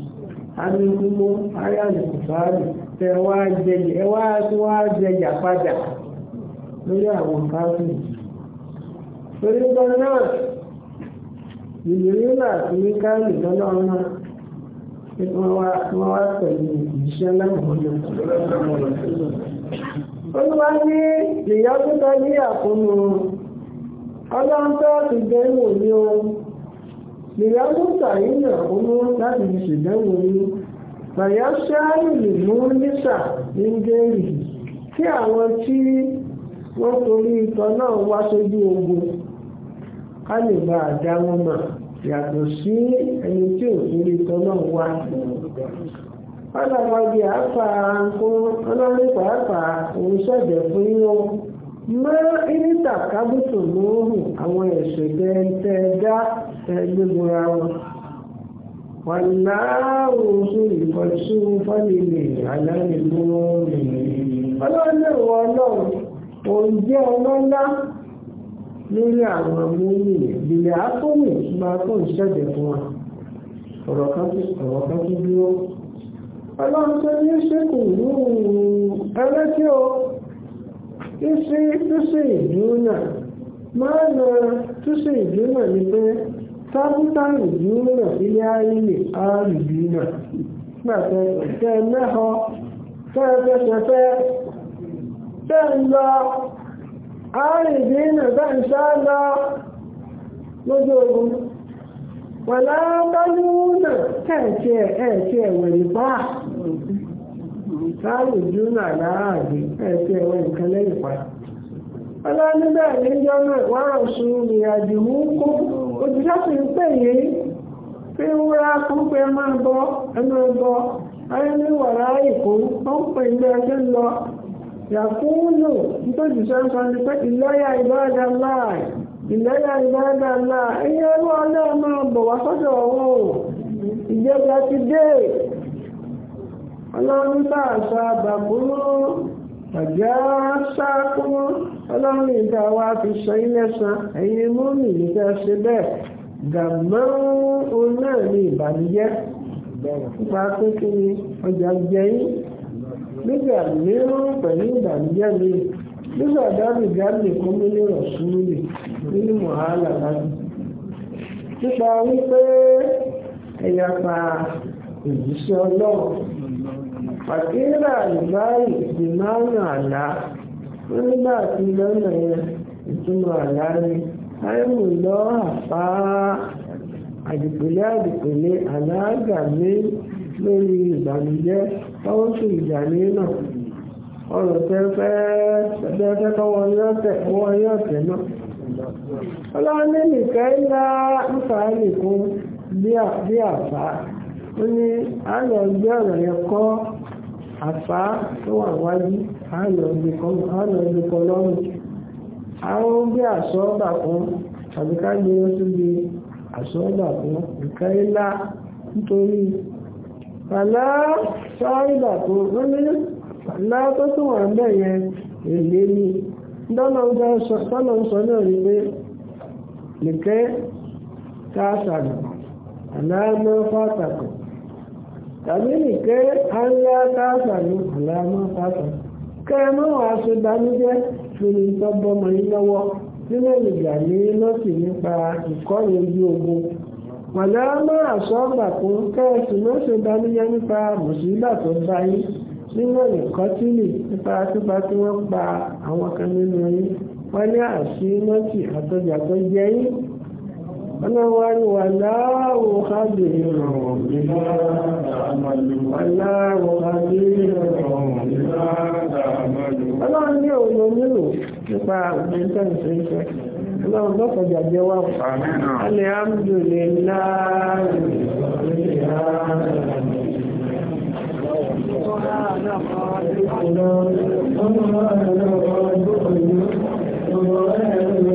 amikúmọ́ ayálùkùfáàlù tẹ wá jẹjà ẹ wá tó wá jẹjà padà lórí àwọn káfíìn. torí náà náà ti ní káàlì lọ́nà ọ̀nà wọ́n wá pẹ̀lú ìṣẹ́ olúwa ní ìyá pípa ní àkóónú ọlọ́ńtọ́ ti dẹ́wò ní o ìyá pípa yìí ní àkóónú láti fi ṣèdẹ́wò ní bàyá ṣáàrì lè mú nísà ní gẹ́rì kí àwọn tí wọ́n torí náà wá sójú ogun ká lè bá wọn mọ̀ yàtọ̀ náà wá. pátápátá àáfàá fún ọlọ́lẹ́ pàápàá òun ṣẹ̀jẹ̀ fún yíyan mọ́ ìníta kábùtù lóòrùn àwọn ẹ̀ṣẹ̀ tẹ́ẹ̀tẹ́ dá ẹgbẹ́gbọ́ra wọn wàlá òṣù ìfọ̀ṣù fọ́lìlì alánìlóòrùn ọlọ́lẹ́ ìwọ ọlọ́run òun jẹ́ ọlọ́lá lórí àwọn múlì ìbílẹ̀ àpòmù máa kó ìṣẹ̀jẹ̀ fún wa ọ̀rọ̀ kan tó dúró ọlọ́run tó ní ṣékù ẹlẹ́tí o isi túsì ìdúnà máa na túsì ìdúnà ní pé tábútà ìdúnà ilé ayé lè ààrì ìdúnà mẹ́họ tẹ fẹsẹ̀fẹ́ tẹ ń lọ lójú ogun wẹ̀lá bálúwúnà kẹ̀ẹ̀kẹ́ ẹ̀ẹ̀kẹ́ ẹ̀wẹ̀rẹ̀ bá sáàrù júnà láàáàbí ẹ̀ẹ̀kẹ́ ẹ̀wẹ̀ nǹkan lẹ́yìn pa níjọ́ náà wọ́n rọ̀ sí ìrìnàjò mú kú òjìṣẹ́ sì ń pè yé pé wúra pé máa bọ́ ẹnu ayé ní wàrà ìkó ó ń pè ilé lọ ń sọ ní pé ìlọ́yà ìbáradà ìlẹ́yà ìgbàdà náà ẹ̀yẹ ẹ̀rọ ọlẹ́ máa bọ̀ wá sọ́dọ̀ ọ̀hún ìjọba ti dé ọlọ́run bá àṣà bàbúrú ọ̀já sákún ọlọ́run ìta wa fi sọ ilé san ẹ̀yin mú mi níta ṣe bẹ́ẹ̀ gàmọ́rún òun náà ní ìbànújẹ́ nípa ni ọjà nígbà mìíràn pẹ̀lú ìbànújẹ́ mi nígbà mi nínú wàhálà láti nípa wípé ẹ̀yà pa òjíṣẹ́ ọlọ́run lọ ìbáyìí ìdìmọ́ràn àlá nígbà tí lọ́nà yẹn ìtumọ̀ àlá ni táìmù lọ́ àpá àdìpẹ̀lẹ́ àdìpẹ̀lẹ́ àlàágà mi lórí ìbànújẹ́ tọ́wọ́ sí ìjà nínà ọ̀rọ̀ tẹ́fẹ́ tẹ́fẹ́ náà. ọlọ́run ní nìkẹ́ ńlá ń fà bí àfá ó ní àlọ́ gbé ọ̀rọ̀ yẹn kọ́ àfá tó wà wájú àlọ́ gbé kọ́ lọ́rùn àwọn gbé àsọ́ọ́bà kan tàbí ká gbé nìkẹ́ ńlá nítorí pàlá tó wọ́n ní pàlá tó tún ni ń sọ náà pé لكي تعتنوا على ما tàbí tàbí nìkẹ́ ńlá káàkiri àlàámọ́ káàkiri kẹ́ẹ̀mọ́ aṣọ dánújẹ́ fìlì tọ́gbọ́mọ yín lọ́wọ́ nínú ìgbà ní lọ́sì nípa ìkọ́ni ojú ogun pàlàámọ́ aṣọ ọgbà kẹ́ẹ̀sì lọ́sì nípa tó bá yín nípa tí wọ́n pa àwọn kan nínú yín. wọ́n ní àṣímọ́tì àtọ́jà tó jẹ́ yín ọlọ́wọ́ ni wà láàrù kábì rọrùn nígbà láàrù kábì rọrùn nígbà ọlọ́run ní òun ló nílò nípa òmìnira ìṣẹ́ṣẹ́ ọlọ́run lọ́kọ̀jà jẹ́ wà fún alẹ́ àmúdùlẹ̀ ọ̀rọ̀ ẹ̀rọ